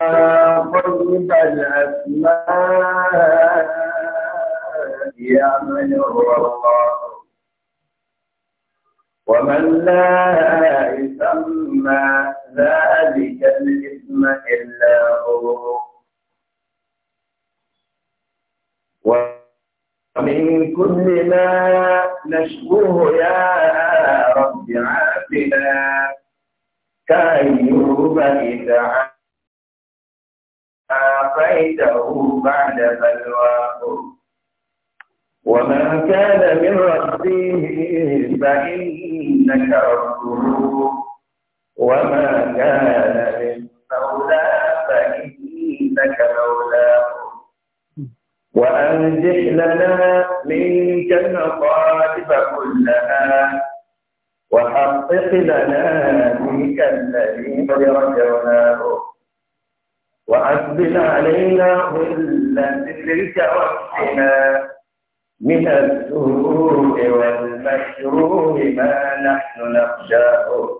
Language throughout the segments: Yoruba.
طيب الأسماء يا من هو الله ومن لا يسمى ذلك الاسم إلا هو ومن كل ما نشكوه يا رب عافنا كأيوب إذا عافيته بعد بلواه وما كان من ربه فإنك ربه وما كان من مولى فإنك مولاه وأنجح لنا منك المطالب كلها وحقق لنا منك الذي قد رجعناه وأنزل علينا كل ذكرك وقتنا من السوء والمشروب ما نحن نخشاه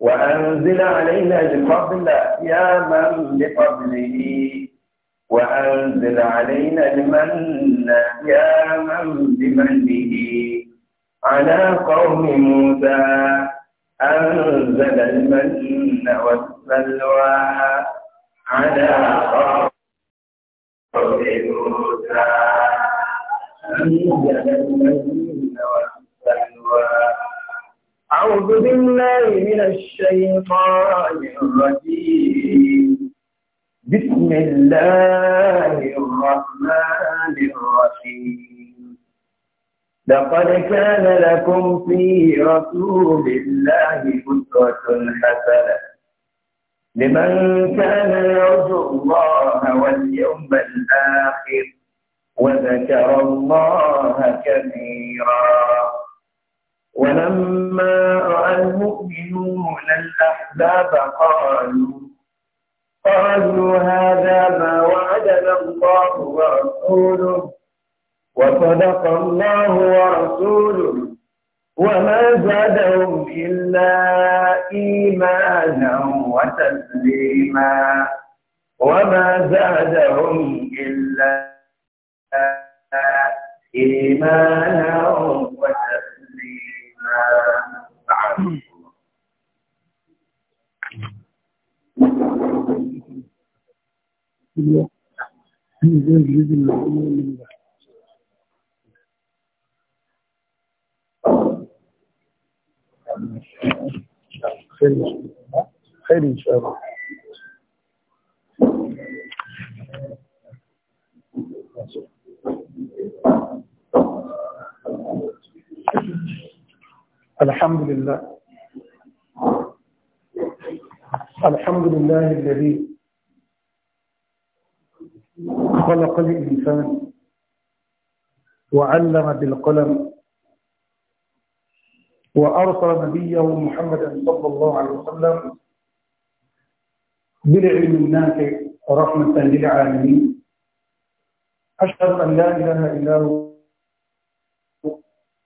وأنزل علينا الفضل يا من بفضله وأنزل علينا المن يا من بمنه على قوم موسى أنزل المن والسلوى على قبر موسى أعوذ بالله من الشيطان الرجيم بسم الله الرحمن الرحيم لقد كان لكم في رسول الله أسوة حسنة لمن كان يرجو الله واليوم الآخر وذكر الله كثيرا ولما رأى المؤمنون الأحباب قالوا قالوا هذا ما وعدنا الله ورسوله وصدق الله ورسوله وما زادهم إلا إيمانا وتسليما وما زادهم إلا إيمانا وتسليما Yeah. خير ان شاء الله خير إن شاء الله الحمد لله الحمد لله الذي خلق الإنسان وعلم بالقلم وأرسل نبيه محمدا صلى الله عليه وسلم بالعلم النافع رحمة للعالمين أشهد أن لا إله إلا هو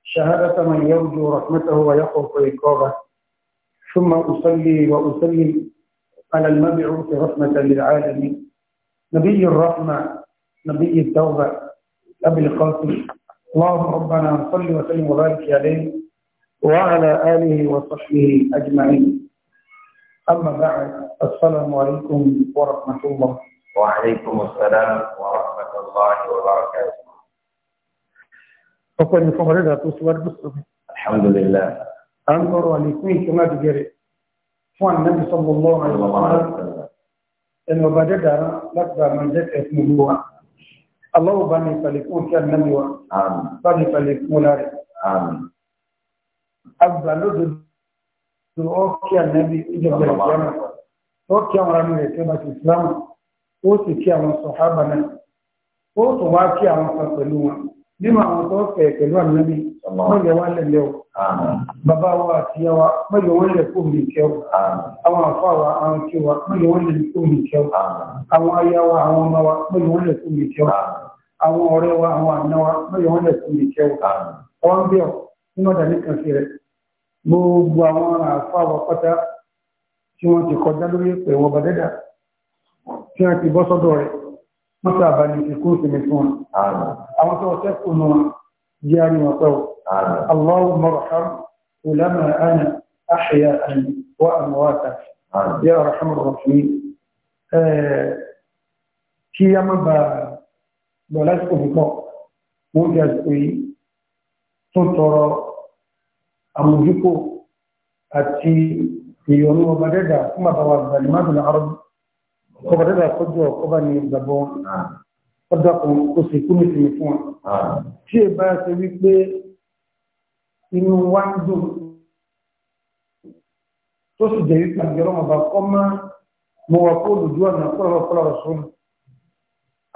شهادة من يرجو رحمته ويخوف عقابه ثم أصلي وأسلم على المبعوث رحمة للعالمين نبي الرحمة نبي التوبة أبي القاسم اللهم ربنا صل وسلم وبارك عليه وعلى آله وصحبه أجمعين أما بعد السلام عليكم ورحمة الله وعليكم السلام ورحمة الله وبركاته أقول لكم رضا تصور بصر الحمد لله أنظر وليكوين كما تجري فعن نبي صلى الله عليه وسلم إنه وبدأ لقد من ذلك اسمه هو الله بني فليكون كان نبي آمين بني فليكون آمين agbàlódodo ọkẹ́ ànábì ìjọba ìjọba ọkẹ́ àwọn ará rẹ̀ tó bá ti islam ó sì kí àwọn sọ̀hábà náà ó tún wá kí àwọn kan pẹ̀lú wọn nínú àwọn tó fẹ̀ pẹ̀lú ànábì mọ̀yẹ̀ wá lẹ̀lẹ́ o bàbá wa àti yàwá mọ̀yẹ̀ wọ́n lẹ̀ kóhùn ìkẹ́ o àwọn àfa wa àwọn kí wa mọ̀yẹ̀ wọ́n lẹ̀ kóhùn ìkẹ́ o àwọn aya wa àwọn ọmọ wa mọ̀yẹ̀ wọ́n lẹ̀ kóhùn ìkẹ́ o àwọn ọ̀rẹ́ wa àwọn àna wa mọ̀yẹ̀ wọ́n lẹ̀ kóhùn ìkẹ́ o ọ̀n bí ọ nínú ọ̀dà nìkan sí rẹ̀ gbogbo àwọn àfáwọ̀ pátá tí wọ́n ti kọjá lórí ẹ̀pẹ̀ wọn bàdẹ́dà tí wọ́n ti bọ́ sọ́dọ̀ rẹ̀ mọ́ta àbáni ìkú ìsinmi fún wọn àwọn tó أحياء وأمواتا يا أرحم الراحمين kí a má ba bọ̀ lásìkò púpọ̀ tọrọ àmójúkò àti ìyọnú ọba dẹ́dà fún bàbá wa Zalimatu al-Arab ọba dẹ́dà kọjú ọba ní ìgbàgbọ́ ọdọ́ kan kó sì kú ní ìsinmi fún wa tí ẹ bá ṣe wípé inú wa ń dùn tó sì jẹ́ wípé àgbẹ̀rọ̀ ọba kọ́ máa mo wà kó olùjú ọ̀nà kọ́lọ̀kọ́lọ̀ sọ́nà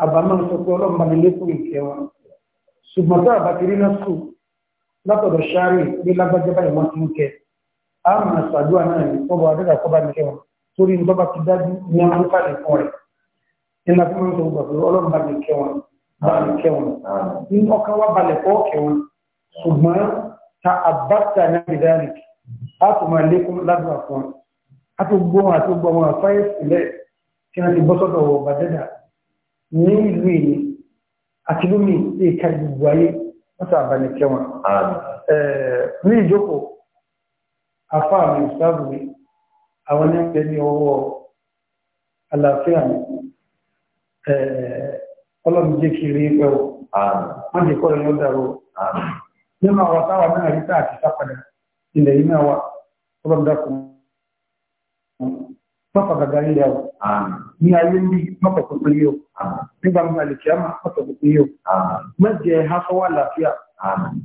àbámọ́ sọ pé ọlọ́mọbalẹ̀ lẹ́kọ̀ọ́ ìkẹwàá ṣùgbọ́n tó àbàkiri náà sùn látọ̀dọ̀ ṣáàrì bí lágbájábá ìwọ̀n ti ń kẹ a máa ṣàdúrà náà ní ọba adéka kọba ní kẹwọn torí ní bábá ti dájú ní àwọn fàlẹ fún rẹ ìlà fún mi tó gbà pé ọlọ́run bá mi kẹwọn bá mi kẹwọn ní ọkàn wa balẹ̀ kọ́ kẹwọn ṣùgbọ́n ta àbáta ní àbídáàlì a tó máa lékún ládùúgbà fún wọn a tó gbọ́ wọn àti gbọ́ wọn àfáyé sílẹ̀ tí wọ́n ti bọ́ sọ́dọ̀ ọba mọ́ta àbáni kẹwọn ní ìjókòó afá mi ìsáàbù mi àwọn ní ẹgbẹ́ ní ọwọ́ àlàáfíà mi ọlọ́run jẹ́ kiri pẹ̀wọ̀ wọ́n jẹ́ kọ́ ẹ̀yọ́ dàrú nínú àwọn táwọn náà rí táà ti sápadà ilẹ̀ yìí náà wà ọlọ́run dákun pápá gàgà yìí yà wọ́n ní ayé ń bí mọ́tò pínpín yìí o nígbà mi àlè kí á máa mọ́tò pínpín yìí o mẹ́jẹ hasọwọ́ àlàáfíà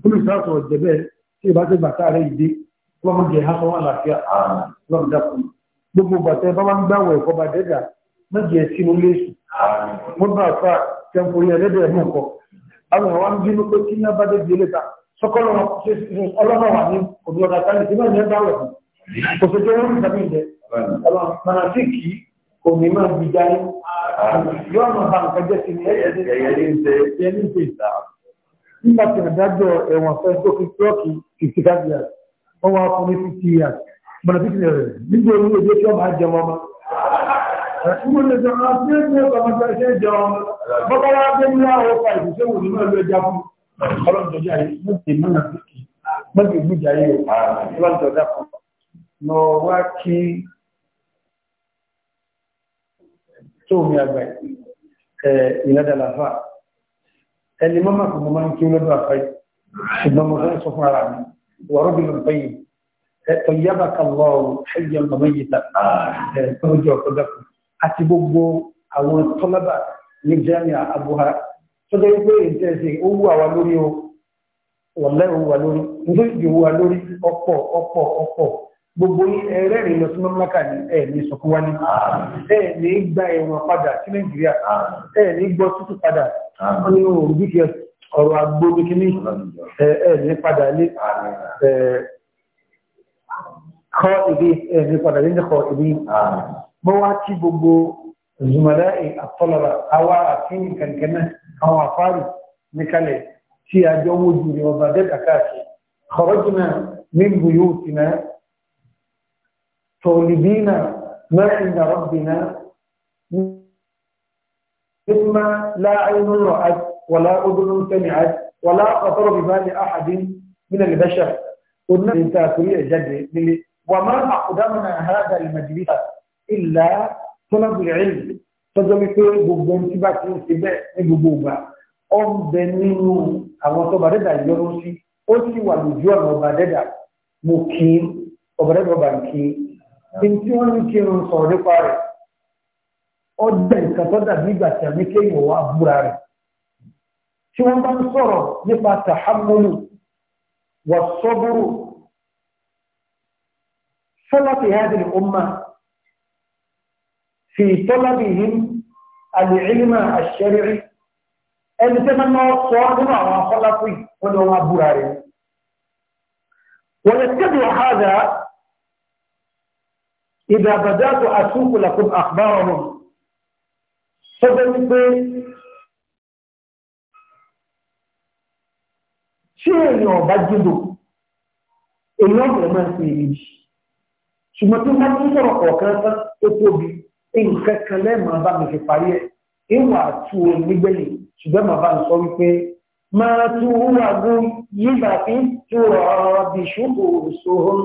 olùsàtọ̀ ọ̀jẹ̀bẹ̀ tí ìbá tẹ bàtà rẹ̀ yìí dé wọ́n mọ̀ jẹ hasọwọ́ àlàáfíà lọ́n dàpọ̀ gbogbo bàtà ẹ bá máa ń gbàwọ̀ ẹ̀kọ́ bá dẹ́dà mẹ́jẹ sí mo léṣù wọ́n bá fà tẹ̀m̀pọ̀lì ẹlẹ́dẹ̀ẹ́ mú kọ́ àwọn àwọn kò ní máa bí jáyé yóò máa bá nǹkan jẹ́ sí ní ẹ̀yẹ ní ṣe nígbà tí àdájọ́ ẹ̀wọ̀n fẹ́ gbókè tọ́ọ̀kì fifty five years wọ́n wá fún ní fifty years mọ̀nà fifty years nígbà orí èdè tí wọ́n máa jẹun ọmọ. Ìmọ̀ lè sọ àwọn tí ó ń sọ ọmọ ṣe é jẹun ọmọ. Bọ́kọ́lá gbé ní àwọn ọkọ̀ ìṣiṣẹ́ wò nínú ẹ̀lú ẹja fún ọlọ́dọ̀jà yìí. Mo ti mọ̀ náà fíkì, mo ti gbújà yìí ọlọ́dọ̀jà fún. Lọ wá kí tó omi àgbà ìlẹ́dàláfà ẹni mọ́mà kò mọ́ máa ń kí olóòdó àfẹ́ ṣùgbọ́n mo fẹ́ sọ fún ara mi wọ́rọ́ bí lọ́pẹ́ yìí ẹ̀tọ́ yába kàlọ́ ẹ̀yẹ mọ̀mọ́ yìí ta tó ń jẹ́ ọ̀tọ́ dàpọ̀ àti gbogbo àwọn tọ́lábà ní jẹ́mi àbúhá tó jẹ́ pé ìtẹ́sí àwa lórí o wọ̀lẹ́ òwú wa lórí nítorí ìwú wa lórí ọ̀pọ̀ ọ̀pọ̀ ọ̀pọ̀ gbogbo ẹ̀rẹ́ rẹ̀ lọ sí mọ́mọ́láka ní ẹ̀ẹ̀ni sọkúnwá ní ẹ̀ẹ̀ni gba ẹ̀wọ̀n padà sí nàìjíríà ẹ̀ẹ̀ni gbọ́ tútù padà wọ́n ní ohun bí kìí ọ̀rọ̀ agbóbi kìíní ẹ̀ẹ̀ni padà lé kọ́ ìdí ẹ̀ẹ̀ni padà lé ní kọ́ ìdí mọ́ wá kí gbogbo zùmọ̀dá àtọ́lọ́rà àwa àfihàn kankan náà àwọn àfáàrí níkalẹ̀ tí àjọ wojú ni ọba dẹ́ka káàkiri طالبين ما عند ربنا ثم لا عين رأت ولا أذن سمعت ولا خطر ببال أحد من البشر قلنا أنت كريه جد وما أقدمنا هذا المجلس إلا طلب العلم tọ́jọ́ wípé gbogbo ohun tí bá ti ń ṣe bẹ́ẹ̀ ní gbogbo ìgbà ọ ń bẹ nínú àwọn tó bàdẹ́dà yọrọ sí ó sì wà lójú ọ̀nà ọba dẹ́dà mo kí ọba dẹ́dà ọba kí tí wọ́n ń kírun sọ̀rọ̀ nípa rẹ̀ ọjọ́ nǹkan tó dàbí ìgbà tí àmì kéèyàn wá búra rẹ̀ tí wọ́n bá ń sọ̀rọ̀ nípa tàhámúlù wà sọ́búrù sọ́lọ́tì hádìrì ọmọ fi tọ́lábì yìí àlèílmà àṣẹ́rìí ẹni tẹ́ máa ń sọ nínú àwọn afọ́lápù wọ́n ni wọ́n wá búra rẹ̀ wọ́n yẹ tẹ́bi ọ̀hádà إذا بدأت أسوق لكم أخبارهم sọ́jọ́ wípé tí èèyàn ọba jíndò èèyàn ọ̀pọ̀ máa fi èyí ṣùgbọ́n tí wọ́n tún sọ̀rọ̀ kọ̀ọ̀kan tán ó tóbi nǹkan kan lẹ́ẹ̀mọ́ bá mi fi parí ẹ̀ ìwà àtú onígbẹ̀lẹ̀ ṣùgbọ́n màá bá ń sọ wípé máa tún wúwà gún yígbà fi tún rọ̀ ọ́ bí ṣùkò ṣòhun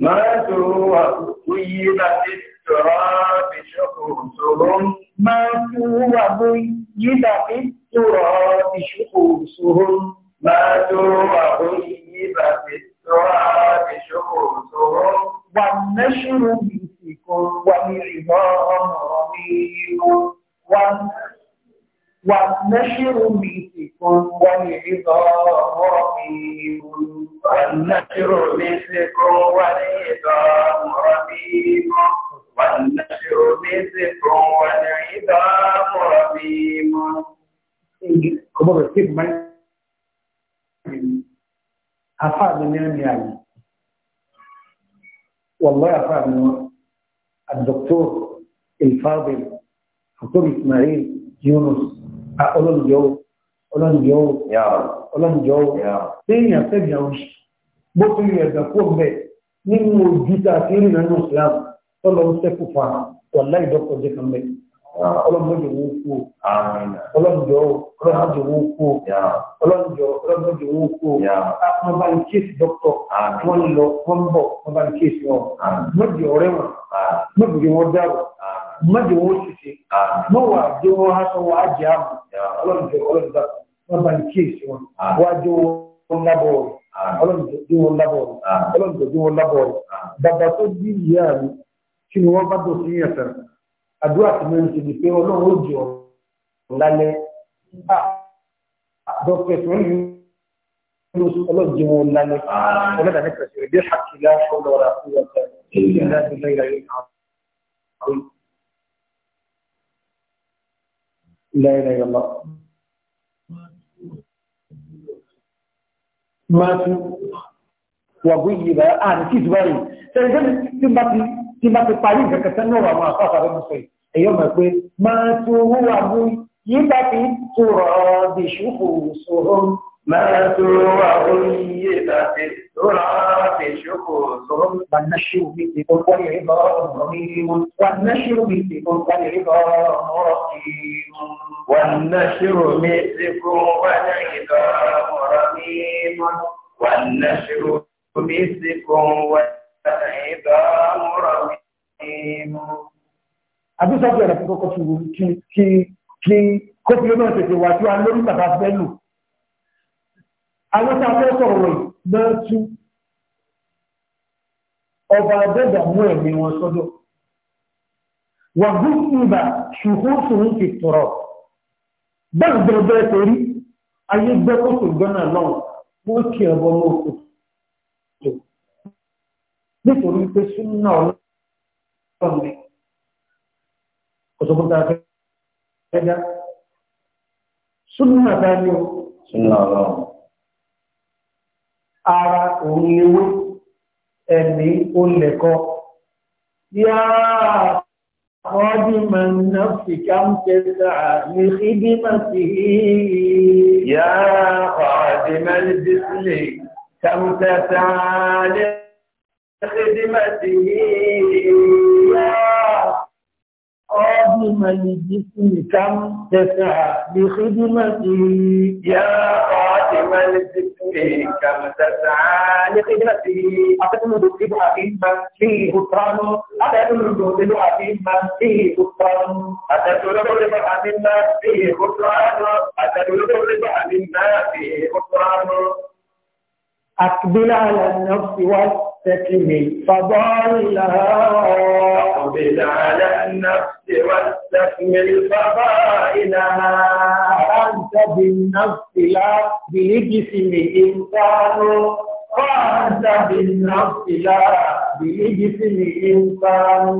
ماتوا وأطيب في التراب شخصهم ماتوا وأطيب في التراب شخصهم ماتوا وأطيب في التراب شخصهم والنشر بسكم ومعظام رميم والنشر والنشر مثل والعظام رقيق والنشر مثل والعظام رقيق والنشر مثل والعظام رقيق Como decir, mas afáàmì ní àmì àmì, wàlláhi afáàmì wọn, àdókòtò ìfáàbì, àdókòtò ìsmail, Yunus, Ah, ọlọ́nìyọ́ ọlọ́nìyọ́ ọlọ́nìyọ́ téèyàn fẹ́mi àwọn ṣe bó fi rí ẹ̀gbà kó mẹ́ nínú ojú tá a ti rí nínú Islam tọ́lọ ń sẹ́kù fa wàlá ìdọ́kọ̀ jẹ́ kan mẹ́ ọlọ́nìyọ́ wọ́n kú ọlọ́nìyọ́ ọlọ́nìyọ́ kú ọlọ́nìyọ́ ọlọ́nìyọ́ kú ah, wọ́n bá ń kíyèsí dọ́kítọ̀ wọ́n lọ wọ́n bọ̀ wọ́n bá ń kíyèsí wọn mọ́jì ọ̀rẹ́ wọn mọ́jì wọn dáwọ̀ mọ́jì wọn ṣiṣẹ́ mọ́wàá jẹ́ wọn aṣọ wọn á jẹ́ àmọ́ ọlọ́run jẹ ọlọ́run dá wọn bá ní kíyèsí wọn ah. wájú wọn lábọ̀ ah. ọlọ́run jẹ bí wọn lábọ̀ ah. ọlọ́run jẹ bí wọn lábọ̀ bàbá a bí ìyá mi kí ni wọ́n bá bọ̀ sí yẹn fẹ́ àdúrà tí mo ń ṣe ni pé ọlọ́run ó jọ lálẹ́ dọ́kítọ̀ tó ń lu لا إله إلا الله mọ́tún wọ̀gbìyìnbá àti ìtìbáyì tẹ́lẹ̀jẹ́ tí bá ti parí ìgbẹ̀kẹ̀tẹ́ náà àwọn àpáàkàrẹ́ mọ́sẹ̀ èyàn mọ̀ pé máa tó wúwà mú yí bá ti tó rọ̀ ọ́ ماتوا وغيبت التراب شكورهم والنشر في تلك العظام رميم والنشر في تلك العظام رقيم والنشر مثلكم والعظام رميم والنشر مثلكم والعظام رميم أبو سعد يا رب كي كي كي كي كي كي كي كي كي àwọn tí a fẹ́ sọ̀rọ̀ rẹ̀ náà tú ọba àgbẹ̀dà mú ẹ̀mí wọn sọ́dọ̀ wà gúúsùbà ṣùkúrùsù ń ti tọ̀rọ̀ bẹ́ẹ̀ bẹ́ẹ̀ bẹ́ẹ̀ torí ayé gbẹ́ kó tó gbọ́nà lọ́wọ́ wọ́n kí ẹ̀bọ mọ́ òkú tó nítorí pé súnmọ́ ọlọ́run mi kò tó kúta súnmọ́ àtàlẹ́ súnmọ́ ọlọ́run ara òun ni wí ẹni olùkọ́. Yá خادما نفسك أمس الساعة لخدمته يا خادم الجسم كم تسعى لخدمته يا خادم الجسم كم تسعى لخدمته يا خادم خاتم الذكر كم تسعى لخدمته أقدم تبع إما فيه بطران أقدم تبع إما فيه بطران أتدرب لبع إما فيه بطران أتدرب لبع إما فيه بطران أقبل على النفس واستكمل فضائلها أقبل على النفس واستكمل فضائلها أنت بالنفس لا بالجسم إنسان فأنت بالنفس لا بالجسم إنسان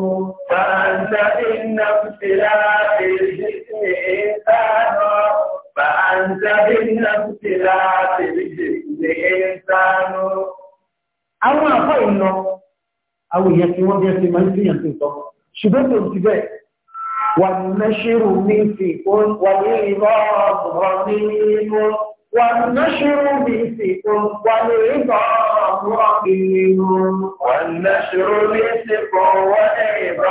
فأنت بالنفس لا بالجسم إنسان فأنت بالنفس لا بالجسم ìsánú. Àwọn àfọ́ ìlọ, àwọn èèyàn tí wọ́n bí ẹsẹ̀ máa ń fi hàn tó ṣùgbọ́n tó ti bẹ́ẹ̀. Wà ní mẹ́ṣírù ní ti wà ní ìbọ̀ ọ̀rọ̀ ní inú. Wà ní mẹ́ṣírù ní ti wà ní ìbọ̀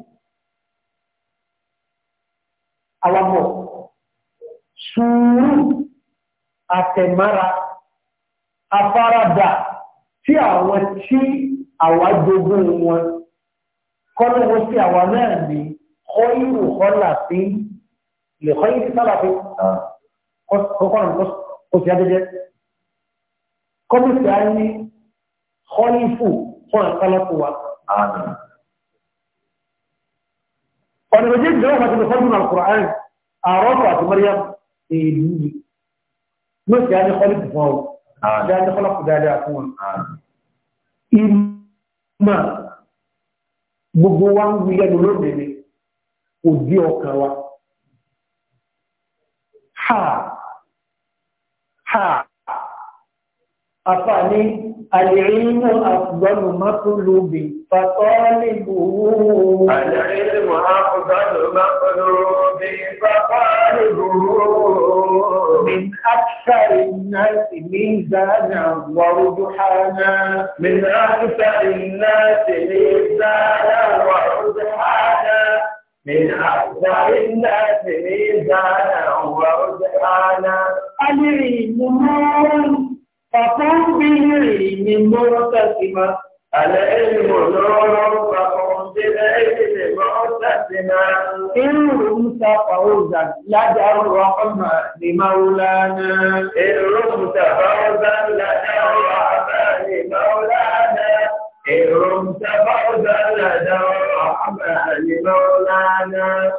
awapọ̀ sùúrù àtẹ̀mára afárádà tí àwọn tí àwájogún wọn kọ́lọ́wọ́ sí àwa náà ní ọ̀yìnrò kọ́là sí lè kọ́ yìí sálà fi kọ́kọ́rọ̀ kọ́sí adẹ́jẹ́ kọ́mísì á ní kọ́lífù fún àtàlọ́pù wa ọ̀nà méjèèjì lọ́wọ́ àti mọ̀sánmù alkùnrin àrọ́tọ̀ àti maryam èlú ló sì á ní kọ́lùkù fún ọ dáa ní kọ́lùkù dáadáa fún wọn ìmọ̀ gbogbo wa ń wí lẹ́nu lóbìnrin kò dí ọkàn wa ha ha àfààní العلم أفضل مطلوب فطالبه العلم أفضل مطلوب فطالبه من أكثر الناس ميزانا ورجحانا من أكثر الناس ميزانا ورجحانا من أكثر الناس ميزانا ورجحانا العلم فقم بالعلم مرتسما العلم نور فقم بالعلم مرتسما إن رمت فوزا لدى الرحمن مولانا إن رمت فوزا لدى الرحمن مولانا إن رمت فوزا لدى الرحمن مولانا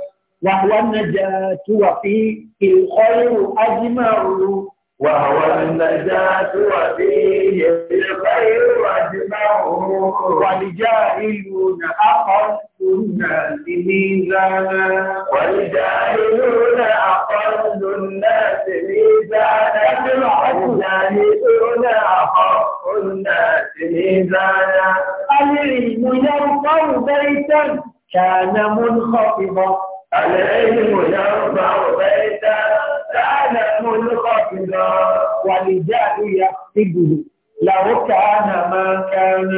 وهو النجاة وفيه الخير أجمل وهو النجاة وفيه الخير وجمعه ولجاهلون أقل الناس ميزانا ولجاهلون أقل الناس ميزانا ولجاهلون أقل الناس ميزانا العلم يرفع بيتا كان منخفضا عليهم يرفع بيتا كان منخفضا والجهل يقصده لو كان ما كان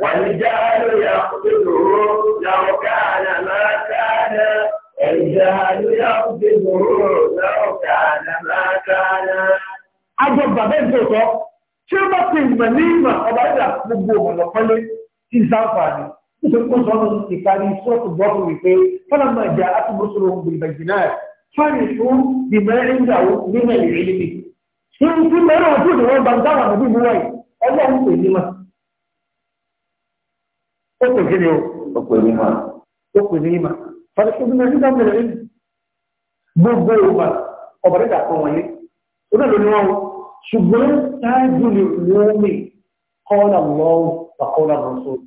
والجهل يقصده لو كان ما كان الجهل يقصده لو كان ما كان عجب بابين توتو شو بقى المنيمة أبدا نبوه لقلي إنسان فاني ìṣòkò sọ́nà ìparí sọ́ọ̀tù bọ́ọ̀lù wípé fọ́nà máa jẹ́ àtúbọ̀sọ̀rọ̀ gbìyànjìnà fáàrí fún ìmọ̀lẹ́ ìgbàwó nínú ìrírí mi. ṣé n tí mẹ́rin ọ̀tún ni wọ́n bá ń dáhà àbúrò mú wáyé ọlọ́run kò ní mà. ó kò kí ni o. ó kò ní mà. ó kò ní mà. fọ́nà tó dúró sí dáhùn ìrírí. gbogbo ìwà ọ̀bà dídà kan wọ̀nyí. ó náà wọn ṣùgbọ́n táàgì lè wọ́n mi kọ́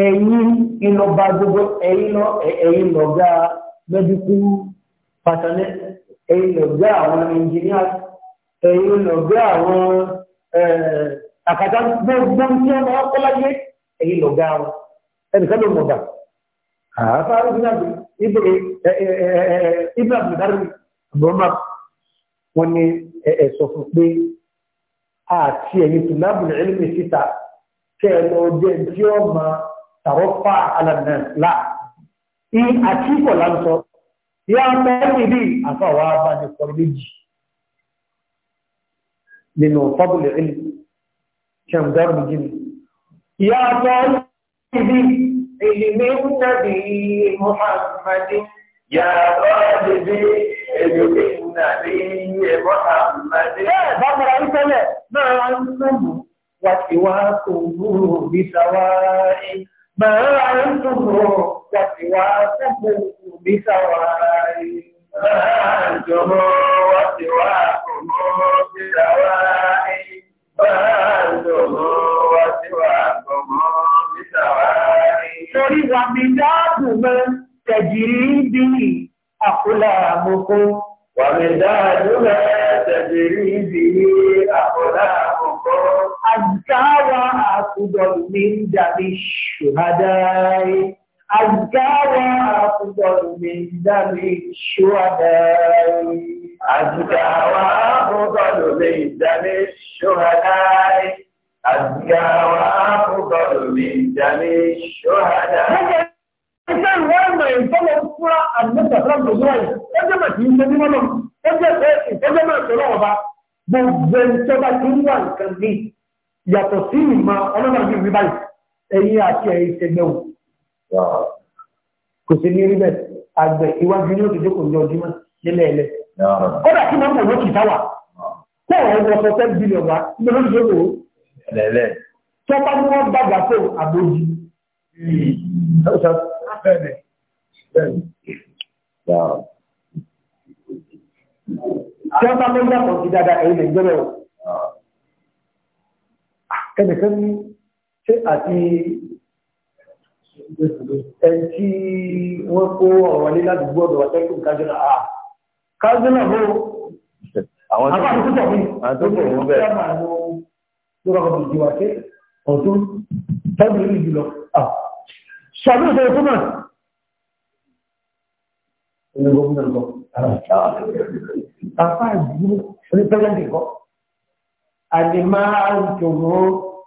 ẹ̀yin ìlọba gbogbo ẹ̀yin lọ̀gá mẹ́díkù pàtàkì ẹ̀yin lọ̀gá àwọn ẹnjìníà ẹ̀yin lọ̀gá àwọn àkàtà gbogbo tí wọ́n máa kọ́ láyé ẹ̀yin lọ̀gá wọn ẹnìkan ló mọ̀gà àáfà ìbílẹ̀ ìbílẹ̀ àbùdárì àbúrọ̀mà wọn ni ẹ̀sọ̀ fún pé àti ẹ̀yin tùlábùlẹ̀ ẹ̀lẹ́mì síta kẹ́ ẹ̀ lọ jẹ́ tí ó máa tàrọ́fà alàdìnà láà in àtíkọ̀ láńsọ ya mẹ́rin bí àfàwà bá ní sọ̀rọ̀ méjì nínú fábùlẹ̀ ilẹ̀ ṣẹ̀mdọ́rù jìnnì ya mẹ́rin bí ilimi nàbí muhammadu ya mẹ́rin bí ilimi nàbí muhammadu bẹ́ẹ̀ bá mọ̀ra ìtẹ́lẹ̀ فأنتم وسواكم بسواء فأنتم وسواكم بسواء فأنتم وسواكم بسواء torí wà mí dáàbò mọ́ tẹ̀jìrí bí àkúlàmùkú. wà mí dáàbò mọ́ tẹ̀jìrí bí àkúlàmùkú àzùkáwà àkùdọ̀lù mi ń dàbí ṣùhádáì àzùkáwà àkùdọ̀lù mi ń dàbí ṣùhádáì àzùkáwà àkùdọ̀lù mi ń dàbí ṣùhádáì àzùkáwà àkùdọ̀lù mi ń dàbí ṣùhádáì. Iṣẹ́ ìwé ìmọ̀ ìfọ́lọ́ fúnra àdúgbò sàkóso ìwé yìí, ó jẹ́ màtí ń ṣe ní mọ́nà, ó jẹ́ pé ìfọ́jọ́ náà tó lọ́wọ́ bá gbogbo yàtọ̀ sí ìmọ̀ ọlọ́dàbí ìwé báyìí ẹ̀yìn àti ẹ̀yìn tẹgbẹ̀wò kò sí ní ríbẹ̀ àgbẹ̀ ìwájú ní òtútù kò ní ọdún nílẹ̀ ẹ̀lẹ̀ kódà kí máa ń wọ́n kìí táwà kó ọ̀rọ̀ wọ́n sọ ten billion wa ní ó ẹnìkan ní ṣé àti ẹni tí wọ́n kó ọ̀rọ̀ ilé ládùúgbò ọ̀dọ̀ wà tẹ́kùn kájọ́nà àà kájọ́nà bó àwọn tó kù tó kù tó kù wọ́n bẹ̀rẹ̀ ló bá kọ́ bìjì wà sí ọ̀tún tẹ́bùrù ìlú lọ. ṣàbí ìṣòro tó náà ẹni gómìnà lọ. àfáà ìdúró onípẹ́lẹ́ǹdì kan àdìmáàtùmù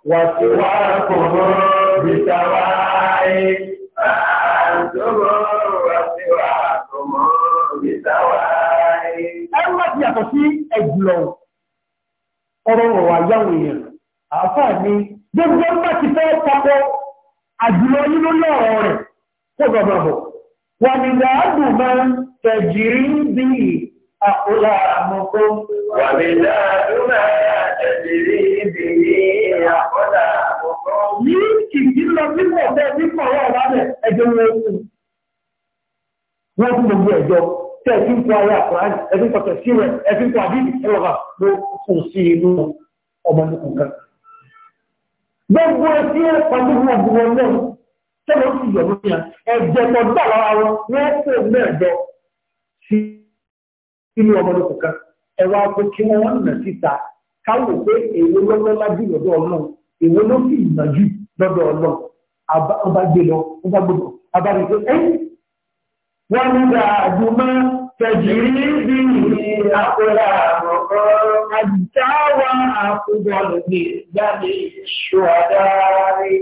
wàtíwákùmù bìtàwáì. àdìmáàtùmù wàtíwákùmù bìtàwáì. ẹrú láti yàtọ̀ sí ẹ̀jùlọ ọ̀rọ̀ ọ̀rọ̀ àyáwó èèyàn àáfàá ni gbogbo ń bá ti fẹ́ tako àjùlọ nínú lọ́rọ̀ rẹ̀ kó bàbà bọ̀ wà nígbà àdùnmọ́ tẹ̀jìrí bíi أقلامكم وبلادنا تجري به أقلامكم ní ìdílọ pípọ̀ tẹ́ pípọ̀ wọ́n wá bẹ̀ ẹjọ́ wọn kú wọ́n tún gbogbo ẹjọ́ tẹ́ ẹ̀fí ń kọ́ ayé àkùrán ẹ̀fí ń kọ́ tẹ̀sí rẹ̀ ẹ̀fí ń kọ́ àbíbí ẹlọ́gà ló kù sí inú ọmọ nìkan kan. gbogbo ẹtí ẹ pàdé wọn bu wọn náà tẹ́lẹ̀ ó sì yọ̀ lóyún ẹ̀jẹ̀ tó dà lára wọn wọ́n kó mẹ́ẹ̀jọ sí i nínú ọmọdé kọ̀ọ̀kan ẹ̀wà pé kí wọ́n wọ́n nà síta káwò pé èwo lọ́lọ́ lájú lọ́dọ̀ ọlọ́run èwo ló sì nà jù lọ́dọ̀ ọba gbé lọ ọba gbọdọ̀ ọba rẹ̀ pé ẹ́ wọ́n ń gba àdúmọ́ tẹ̀jìrí bí àkọlà àkọ́kọ́ àdáwà àkọ́gbọ́lù ní ìgbàlè ṣùwádàárì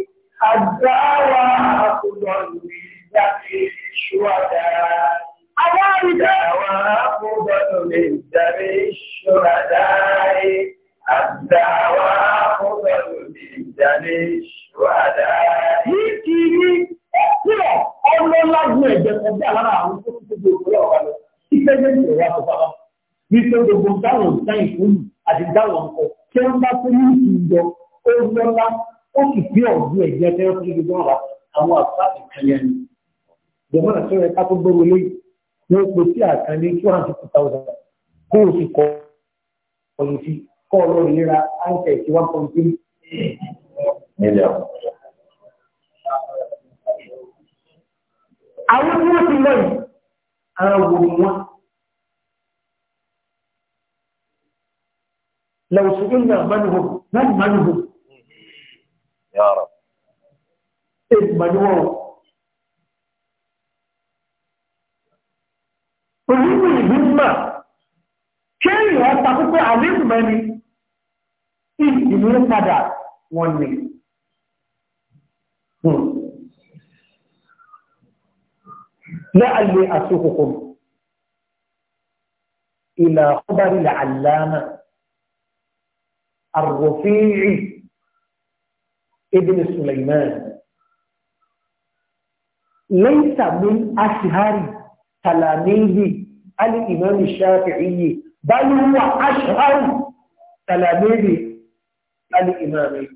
àdáwà àkọ́gbọ́lù ní ìgbàlè ṣùwádàárì. Àwọn àrùjọ. Àwọn àkúgbọ́nù lè jẹ́rí ṣúradáì. Àtàwọn àkúgbọ́nù lè jẹ́rí ṣúradáì. Yìí kì í ní ọ̀pọ̀ ọlọ́lágún ẹ̀jẹ̀ kọjá lára àwọn tó ń tó gbogbo ọ̀rọ̀ lọ. Ìgbẹ́jẹ́ ní ìrọ̀ àkọ́kọ́. Nítorí gbogbo táwọn òṣìṣẹ́ ìfúnnù àti táwọn ọkọ̀ tí wọ́n bá tó ní ìjọ ó lọ́lá ó sì fi ọ̀dún ẹ̀jẹ̀ tẹ́wọ́ tó gbogbo ọ̀rọ̀ àwọn àṣà ìkẹyẹ ni. Jọ̀mọ́nà sọ̀rọ̀ ẹ̀ká tó gbogbo lóyìí ní epo tí àkàn ní two hundred fifty thousand kó o sì kọ ọ̀yìn sí kọ́ ọ lórí ra áńkẹ̀ sí one point three million. àwọn tí wọ́n ti lọ yìí ara wo ni wọ́n. لو سئلنا من هم من من هم يا olúwo ìlú mà kéèyàn ọta pípé àlébùmọ́ ni ìdìmú padà wọn ni. لعلي أسوقكم إلى خبر العلامة الرفيع ابن سليمان ليس من أشهر تلاميذ الإمام الشافعي بل هو أشهر تلاميذ الإمام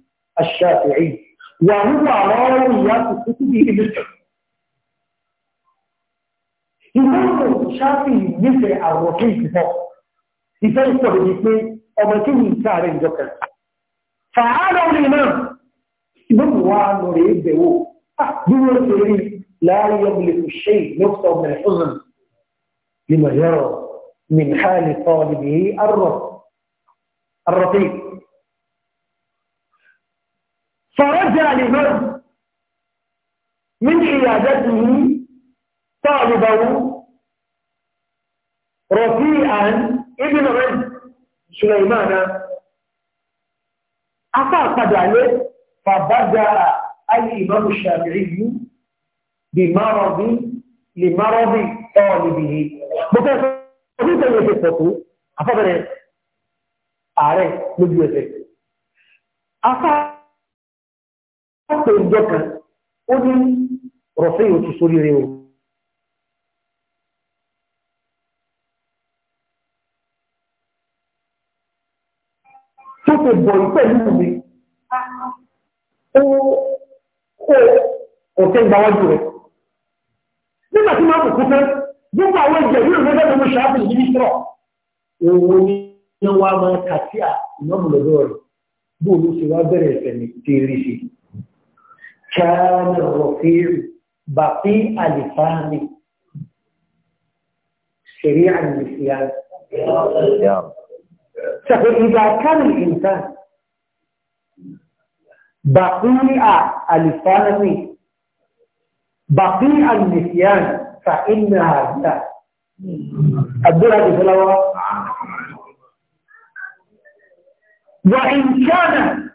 الشافعي وهو راوي كتبه مصر ìmọ̀ràn ṣáàfì nífẹ̀ẹ́ àwọn òkè ìtìfọ́ ìfẹ́ ìpọ̀ lè pé ọmọ kí ní ìta rẹ̀ ìjọkà fàárọ̀ orí náà ìgbókùnwà lọ rẹ̀ ìbẹ̀wò ah, bí wọ́n ṣe rí لا يملك الشيء نقطة من الحزن لما يرى من حال طالبه الرب الرفيق فرجع لمن من عيادته طالبه رفيعا ابن رد سليمان أفاق عليه فبدأ الإمام الشافعي bí márọ̀bí lè márọ̀bí ọ̀ọ̀lì bí i mo fẹ́ sọ orí ìtẹ̀yẹ ṣe pọ̀ tó afọ́bẹ̀rẹ̀ ààrẹ lójú ẹsẹ̀ afá pé ìjọ kan ó ní rọ̀fẹ́ rẹ̀ nígbà tí máa kùkú fẹ́ gbogbo àwọn ìjẹ̀bí ìrọ̀lẹ́ tó ń ṣàfihàn ní mísírọ̀ òun ni wọ́n máa kàtí à ìmọ̀mù lọ́dọ̀ rẹ̀ bó ló ṣe wá bẹ̀rẹ̀ ẹ̀fẹ̀ ní tèrè sí kánà rọ̀fíìrù bàfí àlìfáàmì ṣẹ̀rí àmìsíà ṣàfihàn ìgbà kánà ìǹkan bàfí àlìfáàmì بقي النسيان فإنها لا الدرة بسلوة وإن كان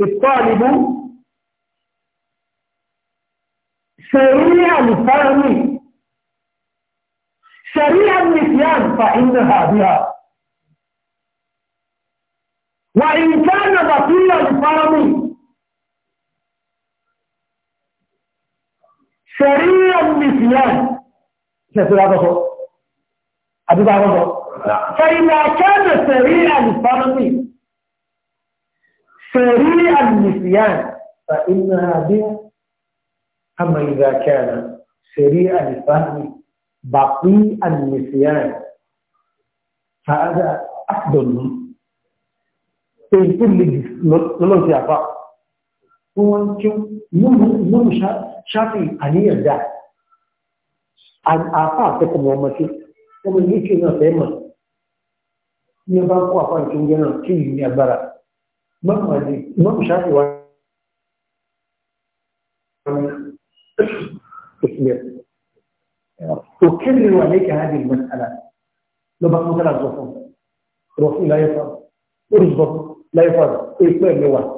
الطالب سريع الفهم سريع النسيان فإنها بها وإن كان بطيء الفهم سريع النسيان سيقول هذا صوت هذا فإذا كان سريع سريع النسيان فإنها بها أما إذا كان سريع الفهم بطيء النسيان فهذا أحد في كل لون هو أنتم ṣáfì àníyàn dá àpá àfẹ́kọ̀ọ́ mọ ọmọ sí ọmọ ilé tí náà fẹ́ mọ̀ ní ọba ń kó àpá ìtúnjẹ náà tí yìí ní agbára mọ́mù ṣáfì wá أكرر عليك هذه المسألة لو بقى مثلا رسول لا يفعل ارزق لا يفعل إيه لواء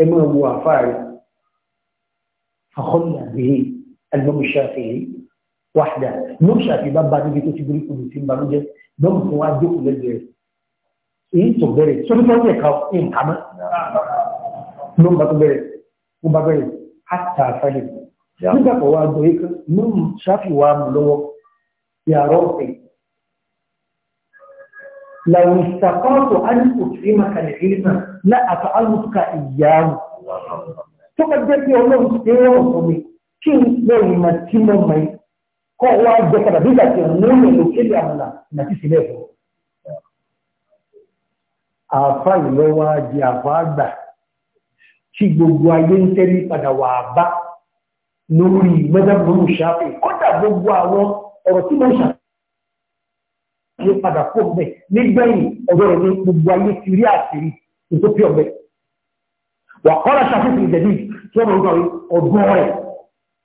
ẹ máa wo àfáà rẹ̀ àkọ́lù àgbèyí alimọ́mù ṣàfihì wáhídà ló ṣàfihì bá ba níbi tó ti gbé kùdù sí ìbànújẹ́ lọ́mù tó wá jókòó lẹ́gbẹ̀ẹ́ rẹ̀ èyí tó bẹ̀rẹ̀ sórí tó ń yẹ ká nǹkan mọ́ ló ń bá tó bẹ̀rẹ̀ ó bá bẹ̀rẹ̀ àtà àfẹ́lẹ̀ nígbà tó wá gbé e kan ló ṣàfihì wá mú lọ́wọ́ yàrá ọ̀sẹ̀ لو استطعت أن أكرمك العلم لا أفعلك إياه تقدر في الله سيرا وصمي كين يوم ما تيمو مي كوا جكرا بيجا تيمون لوكيلي أملا نتي سيلفو àfa ìlọ́wọ́ di àfa àgbà tí gbogbo ayé ń tẹ́lí padà wà bá lórí mẹ́tàbùrù ṣáfẹ́ kọ́dà gbogbo àwọn ọ̀rọ̀ tí mo ṣàfẹ́ ló padà kó bẹ̀ nígbẹ̀yìn ọ̀rọ̀ rẹ̀ ní gbogbo ayé ti rí àṣírí ètò pí ọ̀bẹ. wà kọ́lá ṣàfihàn ìjẹ̀bí tí wọ́n mọ̀ ní ọdún rẹ̀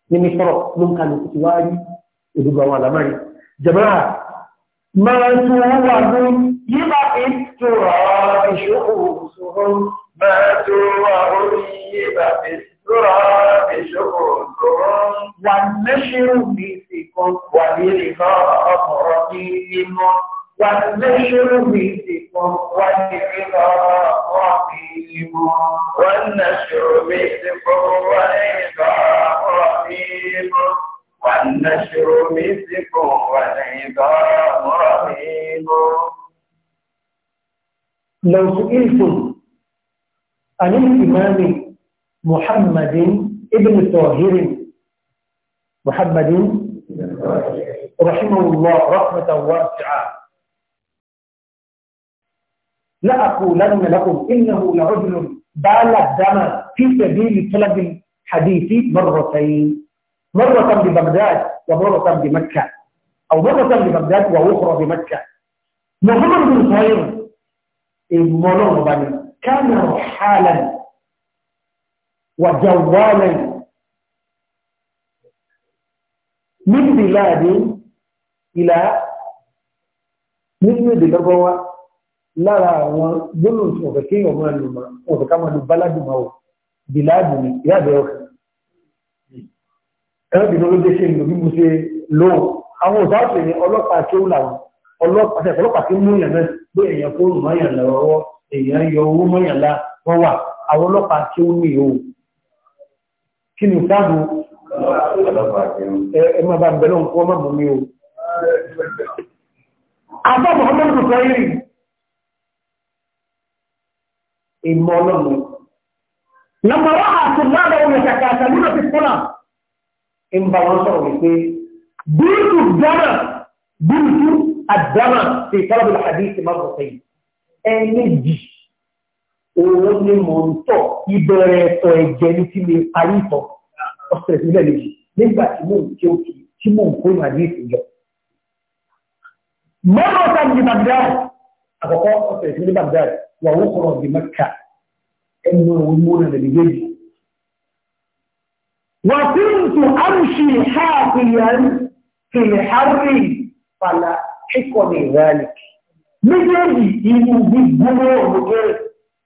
ní mi sọ̀rọ̀ ló ń kalẹ̀ kó ti wá rí ìdúgbò àwọn àlámárì. jẹ̀mọ́ra máa ń tún wọ́n wà ní yíba ètò ìṣòro máa tún wà ó ní والنشر ميثقا وللقاء رقيم والنشر ميثقا وللقاء رقيم والنشر ميثقا وللقاء رقيم والنشر ميثقا وللقاء رقيم لو سئلتم عن الإمام محمد ابن طاهر محمد رحمه الله رحمة واسعة لأقولن لكم إنه لرجل بال الدم في سبيل طلب الحديث مرتين مرة ببغداد ومرة بمكة أو مرة ببغداد وأخرى بمكة محمد بن طاهر إيه، كان رحالا وجوالا من بلاد إلى nínú èdè lọ́gọ́wá lára àwọn gbóòrùn tí ọ̀fẹ́ kí ọmọ ẹlùmọ̀ ọ̀fẹ́ ká máa lù báládùmọ̀ ò bìláàdù ní ìyáàbẹ̀ ọ̀fẹ́ ẹ̀rọ́bìn ló dé ṣe ìlú bí mo ṣe lò àwọn òṣàṣe ni ọlọ́pàá tí ó làwọn ọlọ́pàá tí mú yàn náà kí ni ìsáàbù ẹmọ bá bẹ̀rẹ̀ nǹkan ọmọ mú mi o. Àbá Mọ̀hámọ́dù kọ̀ọ̀kan yìí rí. Ìmọ̀ ọlọ́run. Lọ́mọ wá àti lábẹ́ òun ìṣàkà àtàlúnà ti fúnà. Ń bá wọn sọ̀rọ̀ wípé bíútù dáná bíútù àdáná ti ìtọ́lọ́bù àdí ìsìnmọ́ kọ̀ọ̀kan yìí. Ẹ méjì òun ni mò ń tọ̀ ìbẹ̀rẹ̀ ẹ̀tọ̀ ẹ̀jẹ̀ ní tí mi parí ìtọ̀ ọ̀sẹ̀ ìpínlẹ̀ méjì nígbà tí mò ń ké òkè tí mò ń kó ìmọ̀ ní ìsìnjọ. mọ́nà ọ̀sẹ̀ ní bagdad àkọ́kọ́ ọ̀sẹ̀ ìpínlẹ̀ bagdad wà ó kọ̀rọ̀ di mẹ́ka ẹnu òun mú nà lẹ́nu méjì. wà á fún tù àmùsì háàfìyàn fìlẹ̀ hárì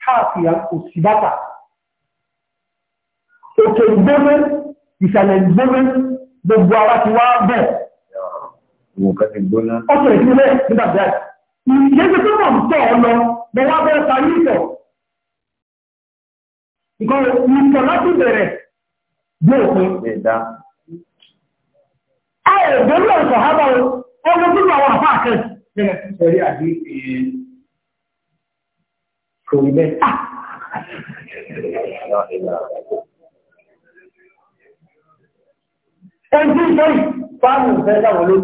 káàkiri kò sí bàtà òkè ìgbóná ìsàlẹ̀ ìgbóná gbogbo ara ti wá bẹ́ẹ̀. ọ̀sẹ̀ ìdílé nígbà bẹ́ẹ̀ ìyẹ́sẹ̀ tó mọ̀ ń tọ̀ ọ lọ mo wá bẹ́ẹ̀ parí ìtọ̀ nǹkan ìtọ̀ láti bẹ̀rẹ̀ bí òpin. a ò gbẹ́rù ọ̀sọ̀ hábà ọmọ tó lọ àwọn àbá àkẹ́ kò rí ah! bẹ́ẹ̀ à. ẹjú lóyìn fáàmù fẹ́ dáwọn ló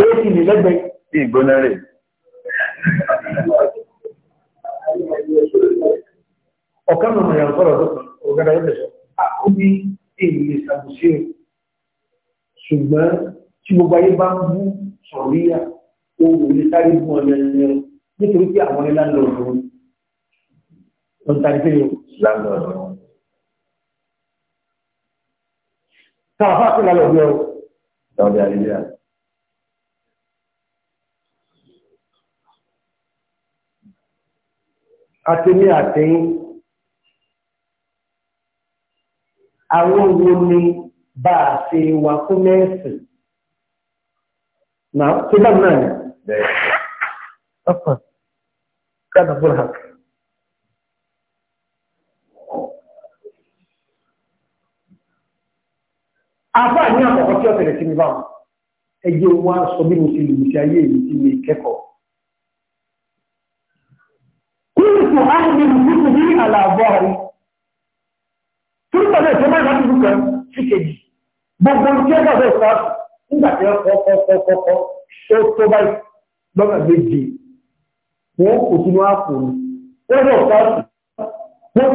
èyí ti lè lẹ́gbẹ̀ẹ́. bí ìgbóná rẹ̀. ọ̀kan mọ̀mọ̀ yàn sọ̀rọ̀ ọ̀gádà yóò tẹ̀sọ̀ ó ní èyí lè ṣàbùsí o ṣùgbọ́n tí gbogbo ayé bá ń bú sọ̀ríyà ohun ìlú sáré bú ọ̀nà ẹ̀yẹ nítorí pé àwọn ilá ń lọ òun ó ń tari pé láńlọ́ọ̀dù wọn. táwọn afá sí lálọ́ ọ̀dọ́ Saudi Arabia. àtẹ̀mí àtẹ̀yìn àwọn wo ni bá a ṣe wà fún mẹ́sìn náà tó bá náà ní. Ọkàn, ká dàbọ̀ hàn. afá ní àkọ́kọ́ tí ọ̀tẹ̀lẹ̀ sí mi bá wọn ẹgbẹ́ wa sọ bí mo ti lù sí ayé èyí tí mi kẹ́kọ̀ọ́ kúrùkù áàbí lùkúrù ní àlàbọ̀ rí túnbọ̀lẹ̀ tó máa láti dúkẹ́ sí kejì gbogbo tí ẹgbẹ́ ọ̀fẹ́ ìfà nígbà tí ọkọ̀ kọ́kọ́ ṣe tó bá lọ́nà méje wọn kò tún wá kù ní ẹgbẹ́ ọ̀fẹ́ wọn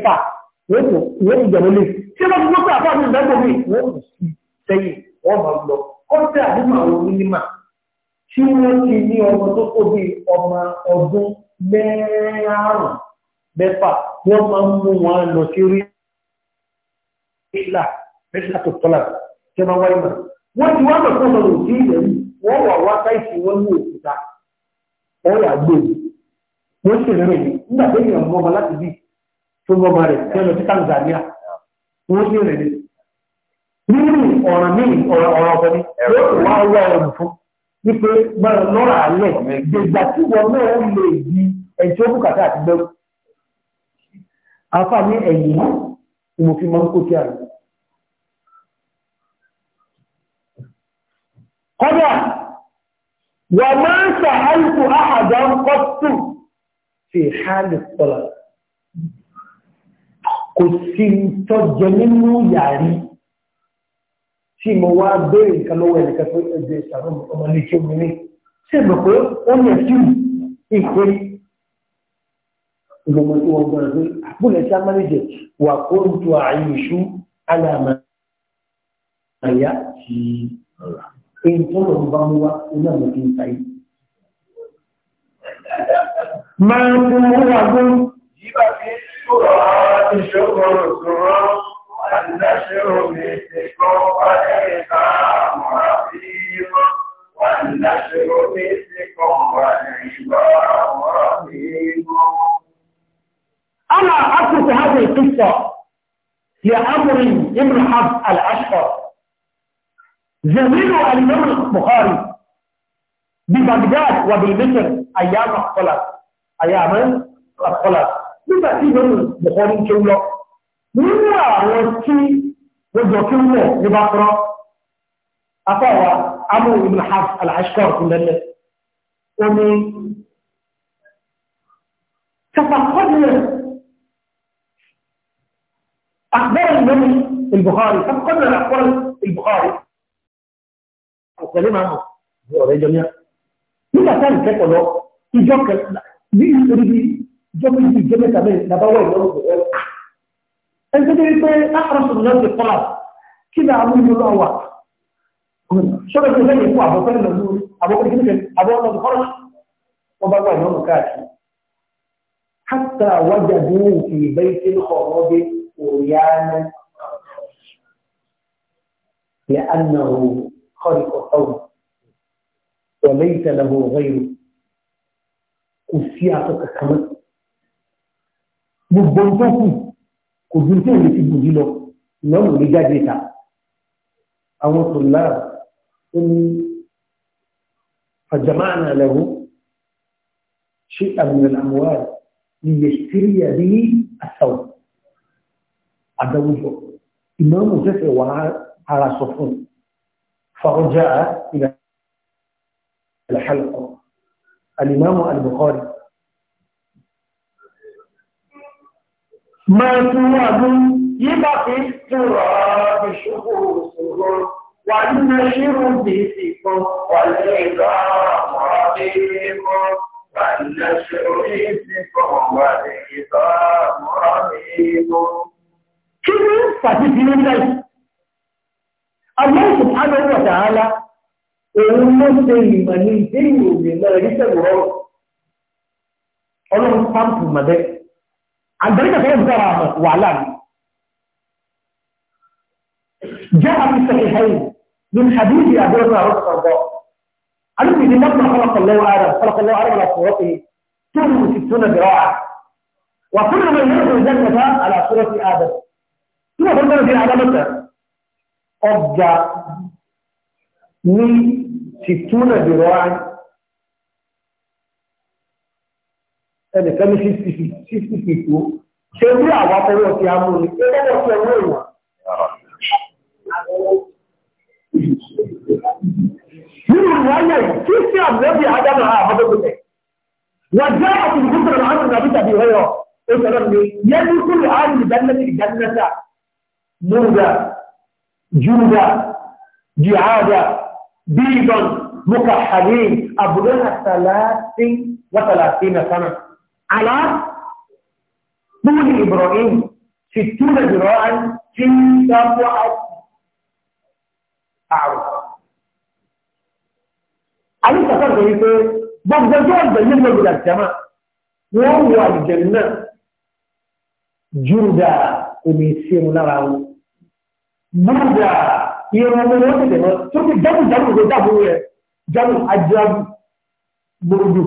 kọ́ ó tó wà tí wọ́n ti gbọ́ àbáwọn ìgbàgbọ́ mi wọ́n kù sí sẹ́yìn wọ́n máa lọ kọ́ńtẹ́ àdúgbò àwọn onímọ̀ tí wọ́n ti ní ọmọ tó kó bí ọmọ ọdún mẹ́rààrún mẹ́fà wọ́n máa ń mú wọn lọ sí rí ìlà mẹ́sìlá tó tọ́lá tí wọ́n wáyé mọ̀ wọ́n ti wá lọ́pọ̀ lọ́rùn sí ilẹ̀ wọ́n wà wá sáìsì wọn ní òkúta wọ́n yà gbé e. wọ́n sì rẹ̀ nígbà tó yàn mọ́ ọmọ láti bí tó mọ́ ọmọ rẹ̀ tí wọ́n lọ sí Tanzania wọ́n ní rẹ̀ nínú ọ̀rọ̀ míì ọ̀rọ̀ ọ̀bọ ni yóò wá wá ọ̀rọ̀ fún wípé gbọ́dọ̀ lọ́rọ̀ alẹ́ gbègbà tí wọn náà ó lè wà máa ń ṣàhálùkù àhàdà ń kọ́ fi hálù tọ́lá kò sí tọ́jẹ nínú yàrí tí mo wá béèrè nǹkan lọ́wọ́ ẹnìkan tó ẹgbẹ́ ìṣàrùn ọmọlé tí ó mi ní ṣe mọ̀ pé ó yẹ sí ìpín ìgbìmọ̀ tí wọ́n gbọ́nà pé àpúlẹ̀ tí a mẹ́rẹ̀jẹ̀ wà kó ń tu ààyè ìṣú alàmà àyà ti èyí tó lọ bá mú wá iná mi fi ń ta yìí. máa ń mú wà fún yíbà fi ń شكر سرور والنشر مثلكم والعظام رفيق والنشر مثلكم والعظام رفيق أنا أقصد هذه القصة لأمر ابن حفص الأشهر زميل الإمام البخاري ببغداد وبمصر أيام الخلق أيام الخلق nígbà tí ìwé ìbùkọ́ ní kí ó lọ nínú àwọn tí wọ́n jọ kí ó mọ̀ ní bá fọ́rọ́ afọ́wà amú ibn haf al-ashkar ìlẹ́lẹ̀ ó ní تفقدنا أخبار النبي البخاري تفقدنا الأخبار البخاري وكلمة عنه هو رجل يا nígbà táà ìkẹ́kọ̀ọ́ lọ ìjọ kẹta ní ìrírí jọ́kì bíi jẹ́ mẹ́ta mẹ́rin bàbá wà ìlọ́rùn kò wọ́n. ẹni tó débi pé akọ̀rọ̀sọ̀ náà ti kọ́lá kí ni àwọn ìlú náà wà. sọ́dọ̀ tó lẹ́yìn fún àbọ̀fẹ́ nínú lórí àbọ̀fẹ́ nínú lórí àbọ̀ ọ̀nà kọ́lá wọ́n bá wà ìlọ́rùn káàkiri. hátà wájà bí wọ́n fi ìbẹ́ ìṣe ń kọ̀ ọ́ bí òyàánú. لأنه خلق قوم وليس له غيره. وسيعتك كمان gbogbo tó kù kò ju tí èmi ti gbòdì lọ lọ́nà lè jáde ta àwọn tó lára ó ní fàjàmáàna lẹ́wọ́ ṣé àmìnàlà àmúwá ìyẹ̀ sírí àbí àṣàwọ̀ àdáwùjọ ìmọ̀ọ́mù tẹ̀sẹ̀ wà ara sọ fún fàrọjà ìlà الحلقة الإمام البخاري مَثُوَةٌ يبقى في التراب شهور سهور والنشر بسكم والعظام رقيق والنشر بسكم والعظام رقيق كده فتفين الله الله سبحانه وتعالى òun ló ṣe ìmọ̀ ní ìdí ìròyìn náà rí sẹ́wọ̀n ọlọ́run sáàpù mọ̀lẹ́kì عندنا كيف ترى وعلان جاء في الصحيحين من حديث ابي هريره رضي الله عنه قال ان لما خلق الله ادم خلق الله ادم على صورته ستون ذراعا وكل من يرد الجنه على صوره ادم ثم فكر في علامته ابدا من ستون ذراعا ẹnìkan ní fifty feet fifty feet wo ṣé bí àwa fọwọ́ ti amú ni ṣé fọwọ́ ti ọwọ́ ìwọ̀n. nínú ìwáyà yìí kí sí àbúrẹ́bí ádámù àbọ̀dọ́gbẹ̀ẹ́ wà jẹ́ àtúntò tó ń rán nàbí tàbí ọ̀rọ̀ ó sọ̀rọ̀ mi yẹn ní kúrò àrùn ìdánilẹ́sẹ̀ ìdánilẹ́sẹ̀ múdà júdà jihada bíbọn mukahadin àbúrẹ́ àtàlá sí wàtàlá sí nàfánà. على طول إبراهيم ستون ذراعا في سبعة أعراض عليك أفضل ذلك gbogbo ọjọ́ ọ̀gbẹ̀yìn lọ gbogbo àjàmà wọ́n wọ àjẹ̀lú náà júùdà omi ìsinmi lára wọn búùdà irun ọmọ wọn tẹ̀lé wọn tó fi jábù jábù tó jábù rẹ̀ jábù ajábù gbòòdù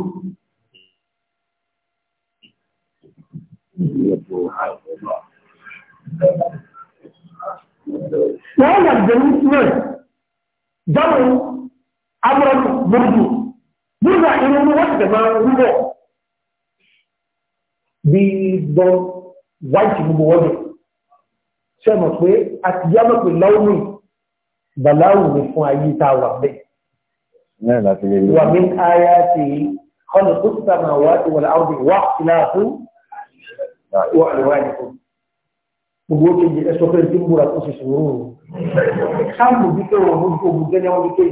وهذا الجميل نعم جمعوا أمرا برجو برجع إلى واحدة ما هو بيضم white بوجه sẹ́mọ̀ pé a ti yá mọ̀ pé láwùmí bàláwù ní fún ayé tá a wà bẹ́ẹ̀. wà mí káyà sí ọ̀nà tó sábà wá sí wàlá áwùjọ wà síláàfún wà lọ́wọ́ àyẹ̀kọ́ gbogbo kejì ẹ̀sọ́ fẹ́ tí ń búra tó ṣe sòwòrò sáàmù bí pé wọn gbogbo ogun gẹ́ni wọn wípé